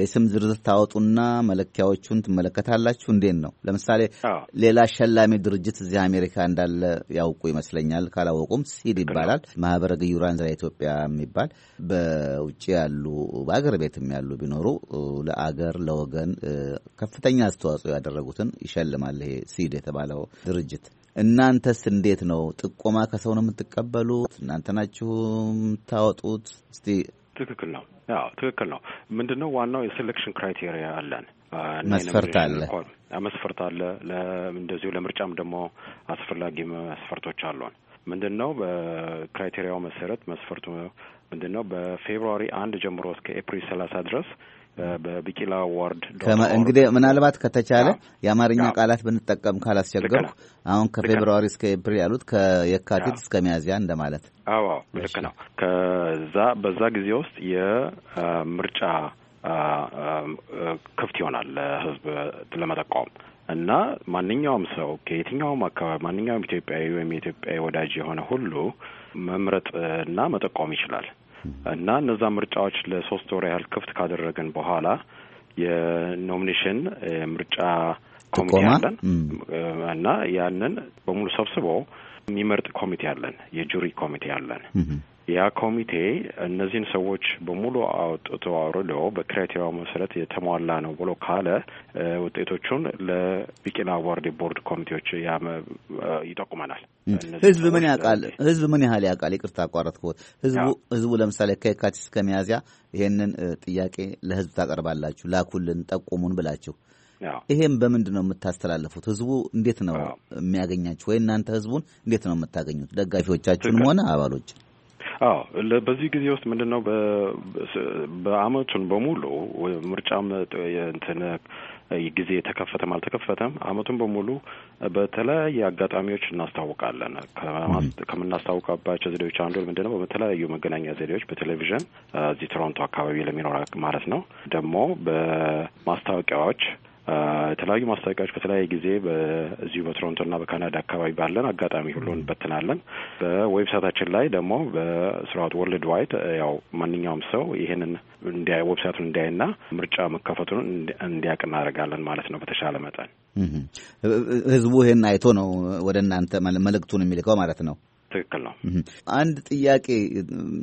የስም ዝርዝር ታወጡና መለኪያዎቹን ትመለከታላችሁ። እንዴት ነው? ለምሳሌ ሌላ አሸላሚ ድርጅት እዚህ አሜሪካ እንዳለ ያውቁ ይመስለኛል። ካላወቁም ሲድ ይባላል። ማህበረ ግዩራን ዘ ኢትዮጵያ የሚባል በውጭ ያሉ በአገር ቤትም ያሉ ቢኖሩ ለአገር ለወገን ከፍተኛ አስተዋጽኦ ያደረጉትን ይሸልማል። ይሄ ሲድ የተባለው ድርጅት እናንተስ እንዴት ነው? ጥቆማ ከሰው ነው የምትቀበሉት? እናንተ ናችሁ የምታወጡት? እስቲ ትክክል ነው። አዎ ትክክል ነው። ምንድን ነው ዋናው የሴሌክሽን ክራይቴሪያ አለን፣ መስፈርት አለ፣ መስፈርት አለ። እንደዚሁ ለምርጫም ደግሞ አስፈላጊ መስፈርቶች አሉን። ምንድን ነው በክራይቴሪያው መሰረት መስፈርቱ ምንድን ነው? በፌብሩዋሪ አንድ ጀምሮ እስከ ኤፕሪል ሰላሳ ድረስ በቢቂላ ዋርድ እንግዲህ ምናልባት ከተቻለ የአማርኛ ቃላት ብንጠቀም ካላስቸገርኩ፣ አሁን ከፌብርዋሪ እስከ ኤፕሪል ያሉት ከየካቲት እስከ ሚያዝያ እንደማለት። አዎ ልክ ነው። ከዛ በዛ ጊዜ ውስጥ የምርጫ ክፍት ይሆናል ለህዝብ ለመጠቋም እና ማንኛውም ሰው ከየትኛውም አካባቢ ማንኛውም ኢትዮጵያዊ ወይም የኢትዮጵያዊ ወዳጅ የሆነ ሁሉ መምረጥ እና መጠቆም ይችላል። እና እነዛ ምርጫዎች ለሶስት ወር ያህል ክፍት ካደረግን በኋላ የኖሚኔሽን ምርጫ ኮሚቴ አለን እና ያንን በሙሉ ሰብስቦ የሚመርጥ ኮሚቴ አለን፣ የጁሪ ኮሚቴ አለን። ያ ኮሚቴ እነዚህን ሰዎች በሙሉ አውጥቶ አውርዶ በክራይቴሪያው መሰረት የተሟላ ነው ብሎ ካለ ውጤቶቹን ለቢቂና ቦርድ ቦርድ ኮሚቴዎች ይጠቁመናል። ህዝብ ምን ያውቃል? ህዝብ ምን ያህል ያውቃል? ይቅርታ አቋረጥኩት። ህዝቡ ህዝቡ ለምሳሌ ከየካቲት እስከ ሚያዝያ ይሄንን ጥያቄ ለህዝብ ታቀርባላችሁ፣ ላኩልን፣ ጠቁሙን ብላችሁ ይሄም በምንድን ነው የምታስተላልፉት? ህዝቡ እንዴት ነው የሚያገኛችሁ? ወይ እናንተ ህዝቡን እንዴት ነው የምታገኙት? ደጋፊዎቻችሁንም ሆነ አባሎችን አዎ በዚህ ጊዜ ውስጥ ምንድን ነው በአመቱን በሙሉ ምርጫም እንትን ጊዜ ተከፈተም አልተከፈተም አመቱን በሙሉ በተለያየ አጋጣሚዎች እናስታውቃለን። ከምናስታውቃባቸው ዘዴዎች አንዱ ምንድነው? በተለያዩ መገናኛ ዘዴዎች በቴሌቪዥን እዚህ ቶሮንቶ አካባቢ ለሚኖር ማለት ነው ደግሞ በማስታወቂያዎች የተለያዩ ማስታወቂያዎች በተለያየ ጊዜ በዚሁ በቶሮንቶና በካናዳ አካባቢ ባለን አጋጣሚ ሁሉ እንበትናለን። በዌብሳይታችን ላይ ደግሞ በስርዓቱ ወርልድ ዋይድ ያው ማንኛውም ሰው ይህንን እንዲያ ዌብሳይቱን እንዲያይና ምርጫ መከፈቱን እንዲያውቅ እናደርጋለን ማለት ነው። በተሻለ መጠን ህዝቡ ይህን አይቶ ነው ወደ እናንተ መልእክቱን የሚልከው ማለት ነው። ትክክል ነው። አንድ ጥያቄ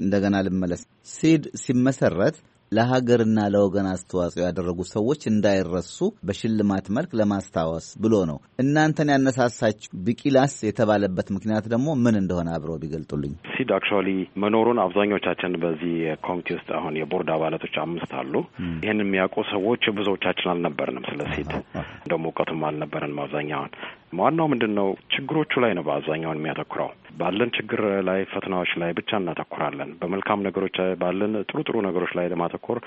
እንደገና ልመለስ። ሲድ ሲመሰረት ለሀገርና ለወገን አስተዋጽኦ ያደረጉ ሰዎች እንዳይረሱ በሽልማት መልክ ለማስታወስ ብሎ ነው። እናንተን ያነሳሳች ቢቂላስ የተባለበት ምክንያት ደግሞ ምን እንደሆነ አብረው ቢገልጡልኝ። ሲድ አክቹዋሊ መኖሩን አብዛኞቻችን በዚህ ኮሚቴ ውስጥ አሁን የቦርድ አባላቶች አምስት አሉ። ይህን የሚያውቁ ሰዎች ብዙዎቻችን አልነበርንም። ስለ ሲድ እንደውም እውቀቱም አልነበረንም አብዛኛውን ዋናው ምንድን ነው? ችግሮቹ ላይ ነው በአብዛኛውን የሚያተኩረው። ባለን ችግር ላይ ፈተናዎች ላይ ብቻ እናተኩራለን። በመልካም ነገሮች ባለን ጥሩ ጥሩ ነገሮች ላይ ለማተኮር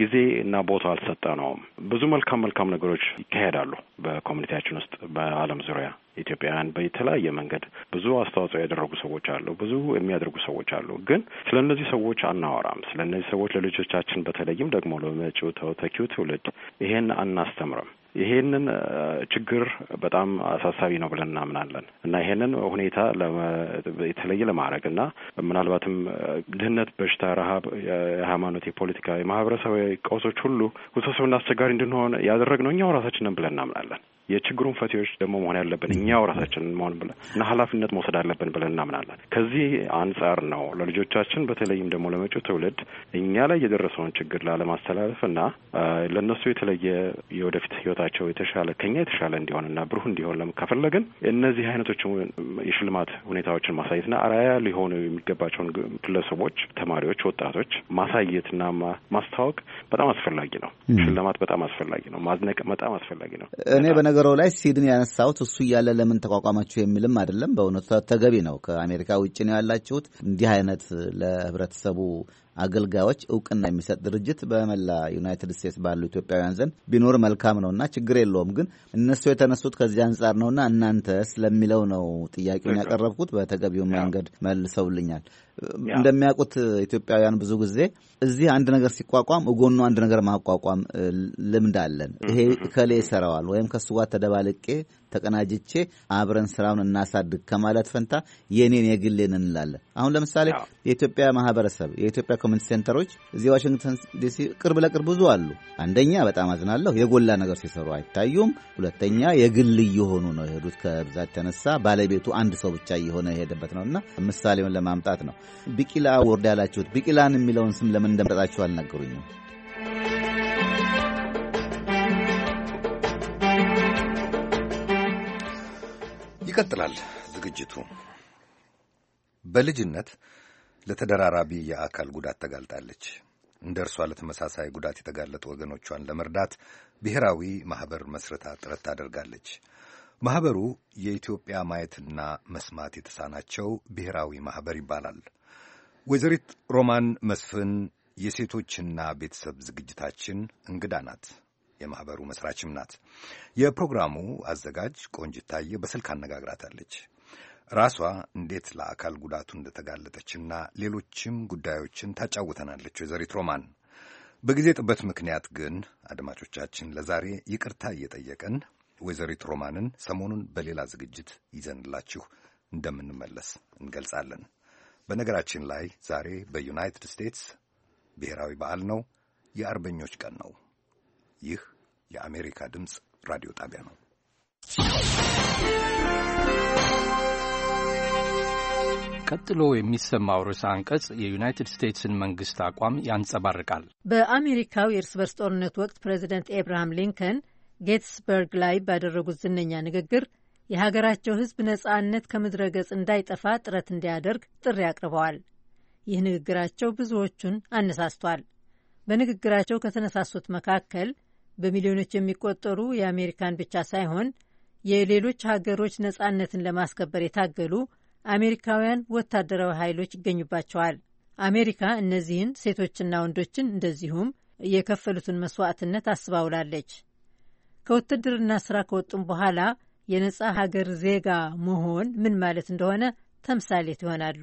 ጊዜ እና ቦታ አልሰጠ ነውም። ብዙ መልካም መልካም ነገሮች ይካሄዳሉ በኮሚኒቲያችን ውስጥ በዓለም ዙሪያ ኢትዮጵያውያን በተለያየ መንገድ ብዙ አስተዋጽኦ ያደረጉ ሰዎች አሉ። ብዙ የሚያደርጉ ሰዎች አሉ። ግን ስለ እነዚህ ሰዎች አናወራም። ስለ እነዚህ ሰዎች ለልጆቻችን፣ በተለይም ደግሞ ለመጪው ተተኪው ትውልድ ይሄን አናስተምርም። ይሄንን ችግር በጣም አሳሳቢ ነው ብለን እናምናለን እና ይሄንን ሁኔታ የተለየ ለማድረግ እና ምናልባትም ድህነት፣ በሽታ፣ ረሀብ፣ የሃይማኖት፣ የፖለቲካ፣ የማህበረሰባዊ ቀውሶች ሁሉ ውስብስብና አስቸጋሪ እንድንሆን ያደረግነው እኛው ራሳችንን ብለን እናምናለን። የችግሩን ፈቲዎች ደግሞ መሆን ያለብን እኛው ራሳችን መሆን ብለን እና ኃላፊነት መውሰድ አለብን ብለን እናምናለን። ከዚህ አንጻር ነው ለልጆቻችን በተለይም ደግሞ ለመጪው ትውልድ እኛ ላይ የደረሰውን ችግር ላለማስተላለፍ እና ለእነሱ የተለየ የወደፊት ህይወታቸው የተሻለ ከኛ የተሻለ እና ብሩህ እንዲሆን ከፈለግን እነዚህ አይነቶች የሽልማት ሁኔታዎችን ማሳየትና አርአያ ሊሆኑ የሚገባቸውን ግለሰቦች፣ ተማሪዎች፣ ወጣቶች ማሳየትና ማስታወቅ በጣም አስፈላጊ ነው። ሽልማት በጣም አስፈላጊ ነው። ማዝነቅ በጣም አስፈላጊ ነው። በነገረው ላይ ሲድን ያነሳሁት እሱ እያለ ለምን ተቋቋማችሁ የሚልም አይደለም። በእውነቱ ተገቢ ነው። ከአሜሪካ ውጭ ነው ያላችሁት። እንዲህ አይነት ለህብረተሰቡ አገልጋዮች እውቅና የሚሰጥ ድርጅት በመላ ዩናይትድ ስቴትስ ባሉ ኢትዮጵያውያን ዘንድ ቢኖር መልካም ነውና ችግር የለውም። ግን እነሱ የተነሱት ከዚህ አንጻር ነውና እናንተ ስለሚለው ነው ጥያቄውን ያቀረብኩት። በተገቢው መንገድ መልሰውልኛል። እንደሚያውቁት ኢትዮጵያውያን ብዙ ጊዜ እዚህ አንድ ነገር ሲቋቋም እጎኑ አንድ ነገር ማቋቋም ልምድ አለን። ይሄ ከሌ ይሰራዋል ወይም ከሱ ጋር ተደባልቄ ተቀናጅቼ አብረን ስራውን እናሳድግ ከማለት ፈንታ የኔን የግሌን እንላለን። አሁን ለምሳሌ የኢትዮጵያ ማህበረሰብ የኢትዮጵያ ኮሚኒቲ ሴንተሮች እዚህ ዋሽንግተን ዲሲ ቅርብ ለቅርብ ብዙ አሉ። አንደኛ በጣም አዝናለሁ፣ የጎላ ነገር ሲሰሩ አይታዩም። ሁለተኛ የግል እየሆኑ ነው የሄዱት። ከብዛት የተነሳ ባለቤቱ አንድ ሰው ብቻ እየሆነ የሄደበት እና ምሳሌውን ለማምጣት ነው። ቢቂላ ወርዳ ያላችሁት ቢቂላን የሚለውን ስም ለምን እንደመረጣችሁ አልነገሩኝም። ይቀጥላል ዝግጅቱ። በልጅነት ለተደራራቢ የአካል ጉዳት ተጋልጣለች። እንደ እርሷ ለተመሳሳይ ጉዳት የተጋለጡ ወገኖቿን ለመርዳት ብሔራዊ ማኅበር መስረታ ጥረት ታደርጋለች። ማኅበሩ የኢትዮጵያ ማየትና መስማት የተሳናቸው ብሔራዊ ማኅበር ይባላል። ወይዘሪት ሮማን መስፍን የሴቶችና ቤተሰብ ዝግጅታችን እንግዳ ናት። የማኅበሩ መሥራችም ናት። የፕሮግራሙ አዘጋጅ ቆንጅታየ በስልክ አነጋግራታለች። ራሷ እንዴት ለአካል ጉዳቱ እንደተጋለጠችና ሌሎችም ጉዳዮችን ታጫውተናለች ወይዘሪት ሮማን። በጊዜ ጥበት ምክንያት ግን አድማጮቻችን ለዛሬ ይቅርታ እየጠየቀን ወይዘሪት ሮማንን ሰሞኑን በሌላ ዝግጅት ይዘንላችሁ እንደምንመለስ እንገልጻለን። በነገራችን ላይ ዛሬ በዩናይትድ ስቴትስ ብሔራዊ በዓል ነው፣ የአርበኞች ቀን ነው። ይህ የአሜሪካ ድምፅ ራዲዮ ጣቢያ ነው። ቀጥሎ የሚሰማው ርዕሰ አንቀጽ የዩናይትድ ስቴትስን መንግስት አቋም ያንጸባርቃል። በአሜሪካው የእርስ በርስ ጦርነት ወቅት ፕሬዚደንት ኤብርሃም ሊንከን ጌትስበርግ ላይ ባደረጉት ዝነኛ ንግግር የሀገራቸው ሕዝብ ነጻነት ከምድረ ገጽ እንዳይጠፋ ጥረት እንዲያደርግ ጥሪ አቅርበዋል። ይህ ንግግራቸው ብዙዎቹን አነሳስቷል። በንግግራቸው ከተነሳሱት መካከል በሚሊዮኖች የሚቆጠሩ የአሜሪካን ብቻ ሳይሆን የሌሎች ሀገሮች ነጻነትን ለማስከበር የታገሉ አሜሪካውያን ወታደራዊ ኃይሎች ይገኙባቸዋል። አሜሪካ እነዚህን ሴቶችና ወንዶችን እንደዚሁም የከፈሉትን መስዋዕትነት አስባውላለች። ከውትድርና ስራ ከወጡም በኋላ የነጻ ሀገር ዜጋ መሆን ምን ማለት እንደሆነ ተምሳሌት ይሆናሉ።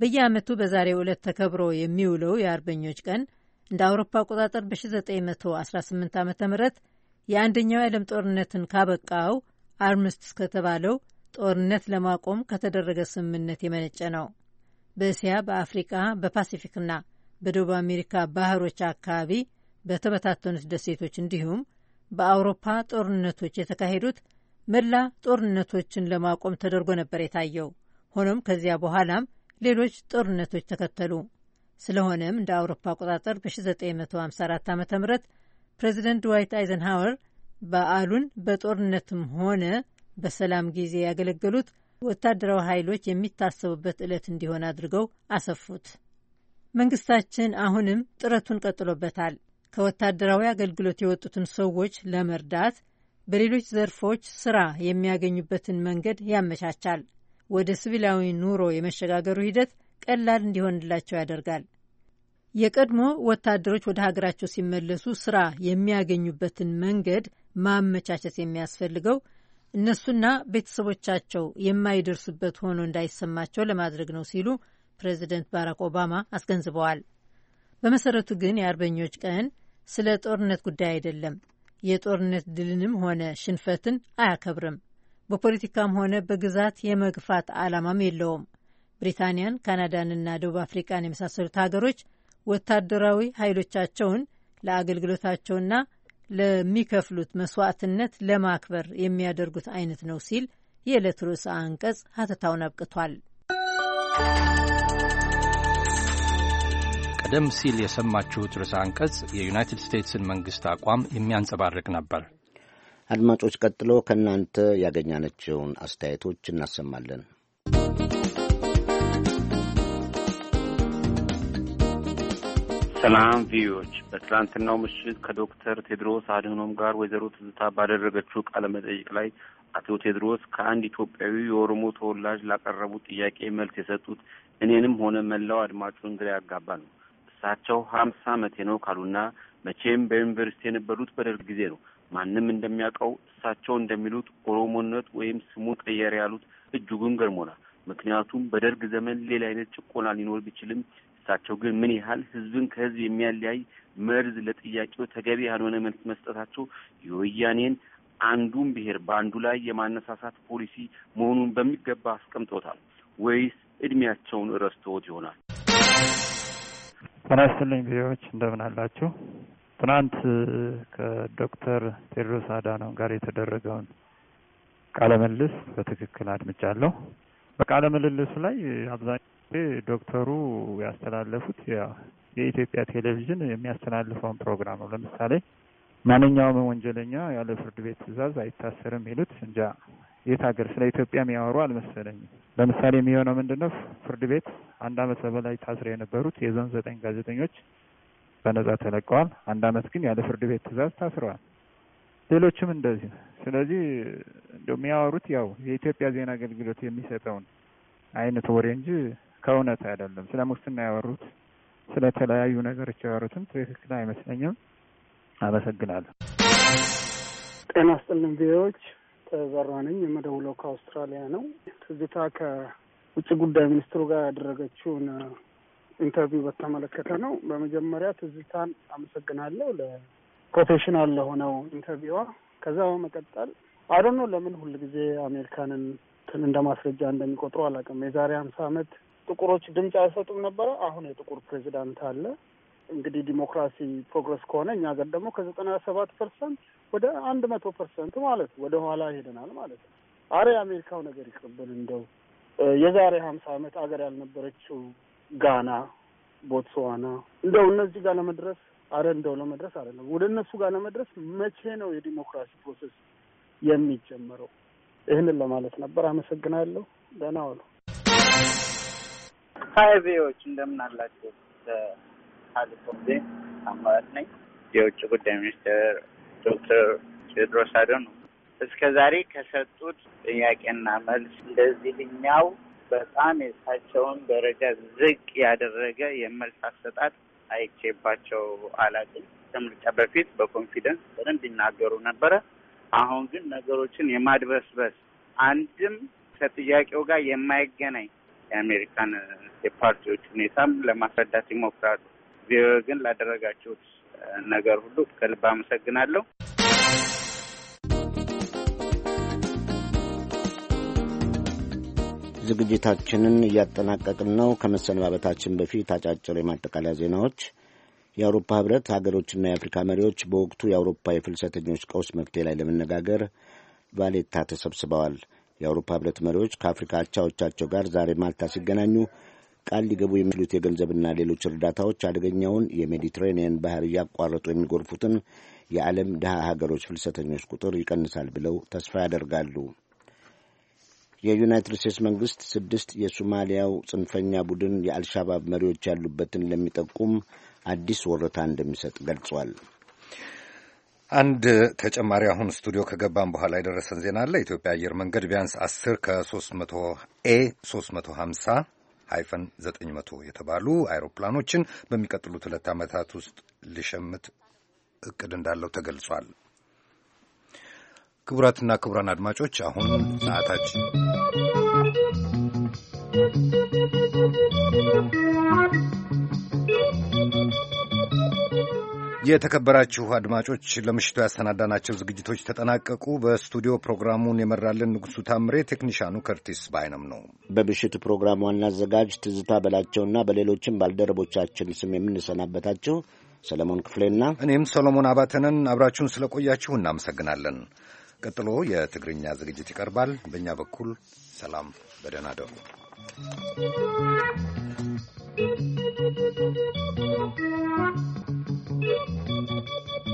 በየዓመቱ በዛሬው ዕለት ተከብሮ የሚውለው የአርበኞች ቀን እንደ አውሮፓ አቆጣጠር በ1918 ዓ ም የአንደኛው የዓለም ጦርነትን ካበቃው አርምስትስ ከተባለው ጦርነት ለማቆም ከተደረገ ስምምነት የመነጨ ነው። በእስያ፣ በአፍሪቃ፣ በፓሲፊክና በደቡብ አሜሪካ ባህሮች አካባቢ በተበታተኑት ደሴቶች እንዲሁም በአውሮፓ ጦርነቶች የተካሄዱት መላ ጦርነቶችን ለማቆም ተደርጎ ነበር የታየው። ሆኖም ከዚያ በኋላም ሌሎች ጦርነቶች ተከተሉ። ስለሆነም እንደ አውሮፓ አቆጣጠር በ1954 ዓ ም ፕሬዚደንት ድዋይት አይዘንሃወር በዓሉን በጦርነትም ሆነ በሰላም ጊዜ ያገለገሉት ወታደራዊ ኃይሎች የሚታሰቡበት ዕለት እንዲሆን አድርገው አሰፉት። መንግስታችን አሁንም ጥረቱን ቀጥሎበታል። ከወታደራዊ አገልግሎት የወጡትን ሰዎች ለመርዳት በሌሎች ዘርፎች ስራ የሚያገኙበትን መንገድ ያመቻቻል። ወደ ሲቪላዊ ኑሮ የመሸጋገሩ ሂደት ቀላል እንዲሆንላቸው ያደርጋል። የቀድሞ ወታደሮች ወደ ሀገራቸው ሲመለሱ ስራ የሚያገኙበትን መንገድ ማመቻቸት የሚያስፈልገው እነሱና ቤተሰቦቻቸው የማይደርሱበት ሆኖ እንዳይሰማቸው ለማድረግ ነው ሲሉ ፕሬዚደንት ባራክ ኦባማ አስገንዝበዋል። በመሰረቱ ግን የአርበኞች ቀን ስለ ጦርነት ጉዳይ አይደለም። የጦርነት ድልንም ሆነ ሽንፈትን አያከብርም። በፖለቲካም ሆነ በግዛት የመግፋት ዓላማም የለውም። ብሪታንያን፣ ካናዳንና ደቡብ አፍሪቃን የመሳሰሉት ሀገሮች ወታደራዊ ኃይሎቻቸውን ለአገልግሎታቸውና ለሚከፍሉት መስዋዕትነት ለማክበር የሚያደርጉት አይነት ነው ሲል የዕለት ርዕስ አንቀጽ ሀተታውን አብቅቷል። ቀደም ሲል የሰማችሁት ርዕስ አንቀጽ የዩናይትድ ስቴትስን መንግሥት አቋም የሚያንጸባርቅ ነበር። አድማጮች፣ ቀጥሎ ከእናንተ ያገኛነችውን አስተያየቶች እናሰማለን። ሰላም ቪዎች በትላንትናው ምሽት ከዶክተር ቴድሮስ አድህኖም ጋር ወይዘሮ ትዝታ ባደረገችው ቃለ መጠይቅ ላይ አቶ ቴድሮስ ከአንድ ኢትዮጵያዊ የኦሮሞ ተወላጅ ላቀረቡት ጥያቄ መልስ የሰጡት እኔንም ሆነ መላው አድማጩን ግራ ያጋባ ነው። እሳቸው ሀምሳ ዓመቴ ነው ካሉና መቼም በዩኒቨርሲቲ የነበሩት በደርግ ጊዜ ነው። ማንም እንደሚያውቀው እሳቸው እንደሚሉት ኦሮሞነት ወይም ስሙን ቀየረ ያሉት እጅጉን ገርሞናል። ምክንያቱም በደርግ ዘመን ሌላ አይነት ጭቆና ሊኖር ቢችልም እሳቸው ግን ምን ያህል ህዝብን ከህዝብ የሚያለያይ መርዝ ለጥያቄው ተገቢ ያልሆነ መልስ መስጠታቸው የወያኔን አንዱን ብሔር በአንዱ ላይ የማነሳሳት ፖሊሲ መሆኑን በሚገባ አስቀምጦታል። ወይስ እድሜያቸውን ረስቶት ይሆናል? ጤና ይስጥልኝ ቪዲዮዎች እንደምን አላችሁ? ትናንት ከዶክተር ቴድሮስ አዳኖም ጋር የተደረገውን ቃለ ምልልስ በትክክል አድምጫለሁ። በቃለ ምልልሱ ላይ አብዛኛው ዶክተሩ ያስተላለፉት የኢትዮጵያ ቴሌቪዥን የሚያስተላልፈውን ፕሮግራም ነው። ለምሳሌ ማንኛውም ወንጀለኛ ያለ ፍርድ ቤት ትዕዛዝ አይታሰርም የሚሉት እንጃ የት ሀገር ስለ ኢትዮጵያ የሚያወሩ አልመሰለኝም። ለምሳሌ የሚሆነው ምንድነው? ፍርድ ቤት አንድ አመት በበላይ ታስረው የነበሩት የዞን ዘጠኝ ጋዜጠኞች በነጻ ተለቀዋል። አንድ አመት ግን ያለ ፍርድ ቤት ትዕዛዝ ታስረዋል። ሌሎችም እንደዚህ። ስለዚህ የሚያወሩት ያው የኢትዮጵያ ዜና አገልግሎት የሚሰጠውን አይነት ወሬ እንጂ ከእውነት አይደለም። ስለ ሙስና ያወሩት ስለተለያዩ ነገሮች ያወሩትም ትክክል አይመስለኝም። አመሰግናለሁ። ጤና ስጥልን ቪዎች ተዘራ ነኝ። የመደውለው ከአውስትራሊያ ነው። ትዝታ ከውጭ ጉዳይ ሚኒስትሩ ጋር ያደረገችውን ኢንተርቪው በተመለከተ ነው። በመጀመሪያ ትዝታን አመሰግናለሁ ለፕሮፌሽናል ለሆነው ኢንተርቪዋ። ከዛ በመቀጠል አዶኖ ለምን ሁልጊዜ አሜሪካንን እንደ ማስረጃ እንደሚቆጥሩ አላውቅም። የዛሬ ሀምሳ አመት ጥቁሮች ድምፅ አይሰጡም ነበረ። አሁን የጥቁር ፕሬዚዳንት አለ። እንግዲህ ዲሞክራሲ ፕሮግረስ ከሆነ እኛ ሀገር ደግሞ ከዘጠና ሰባት ፐርሰንት ወደ አንድ መቶ ፐርሰንት ማለት ወደ ኋላ ሄደናል ማለት ነው። አረ የአሜሪካው ነገር ይቅርብን። እንደው የዛሬ ሀምሳ ዓመት አገር ያልነበረችው ጋና፣ ቦትስዋና እንደው እነዚህ ጋር ለመድረስ አረ እንደው ለመድረስ አይደለም ወደ እነሱ ጋር ለመድረስ መቼ ነው የዲሞክራሲ ፕሮሰስ የሚጀመረው? ይህንን ለማለት ነበር። አመሰግናለሁ። ደህና ዋሉ። ሀያ ቪዎች እንደምን አላቸው? ሀሊኮዜ አማራት ነኝ። የውጭ ጉዳይ ሚኒስትር ዶክተር ቴዎድሮስ አድሃኖም እስከ ዛሬ ከሰጡት ጥያቄና መልስ እንደዚህኛው በጣም የእሳቸውን ደረጃ ዝቅ ያደረገ የመልስ አሰጣጥ አይቼባቸው አላውቅም። ከምርጫ በፊት በኮንፊደንስ በደንብ ይናገሩ ነበረ። አሁን ግን ነገሮችን የማድበስበስ አንድም ከጥያቄው ጋር የማይገናኝ የአሜሪካን የፓርቲዎች ሁኔታም ለማስረዳት ይሞክራሉ። ቪኦኤ ግን ላደረጋችሁት ነገር ሁሉ ከልብ አመሰግናለሁ። ዝግጅታችንን እያጠናቀቅን ነው። ከመሰነባበታችን በፊት አጫጭር የማጠቃለያ ዜናዎች። የአውሮፓ ህብረት ሀገሮችና የአፍሪካ መሪዎች በወቅቱ የአውሮፓ የፍልሰተኞች ቀውስ መፍትሄ ላይ ለመነጋገር ቫሌታ ተሰብስበዋል። የአውሮፓ ህብረት መሪዎች ከአፍሪካ አቻዎቻቸው ጋር ዛሬ ማልታ ሲገናኙ ቃል ሊገቡ የሚችሉት የገንዘብና ሌሎች እርዳታዎች አደገኛውን የሜዲትሬኒየን ባህር እያቋረጡ የሚጎርፉትን የዓለም ድሃ ሀገሮች ፍልሰተኞች ቁጥር ይቀንሳል ብለው ተስፋ ያደርጋሉ። የዩናይትድ ስቴትስ መንግስት ስድስት የሶማሊያው ጽንፈኛ ቡድን የአልሻባብ መሪዎች ያሉበትን ለሚጠቁም አዲስ ወረታ እንደሚሰጥ ገልጿል። አንድ ተጨማሪ አሁን ስቱዲዮ ከገባን በኋላ የደረሰን ዜና አለ። ኢትዮጵያ አየር መንገድ ቢያንስ አስር ከ300 ኤ 350 ሃይፈን 900 የተባሉ አይሮፕላኖችን በሚቀጥሉት ሁለት ዓመታት ውስጥ ሊሸምት እቅድ እንዳለው ተገልጿል። ክቡራትና ክቡራን አድማጮች አሁን ሰዓታችን Thank you. የተከበራችሁ አድማጮች ለምሽቱ ያሰናዳናቸው ዝግጅቶች ተጠናቀቁ። በስቱዲዮ ፕሮግራሙን የመራልን ንጉሡ ታምሬ፣ ቴክኒሻኑ ከርቲስ ባይነም ነው። በምሽቱ ፕሮግራም ዋና አዘጋጅ ትዝታ በላቸውና በሌሎችም ባልደረቦቻችን ስም የምንሰናበታቸው ሰለሞን ክፍሌና እኔም ሰሎሞን አባተነን አብራችሁን ስለቆያችሁ እናመሰግናለን። ቀጥሎ የትግርኛ ዝግጅት ይቀርባል። በእኛ በኩል ሰላም፣ በደህና ደሩ።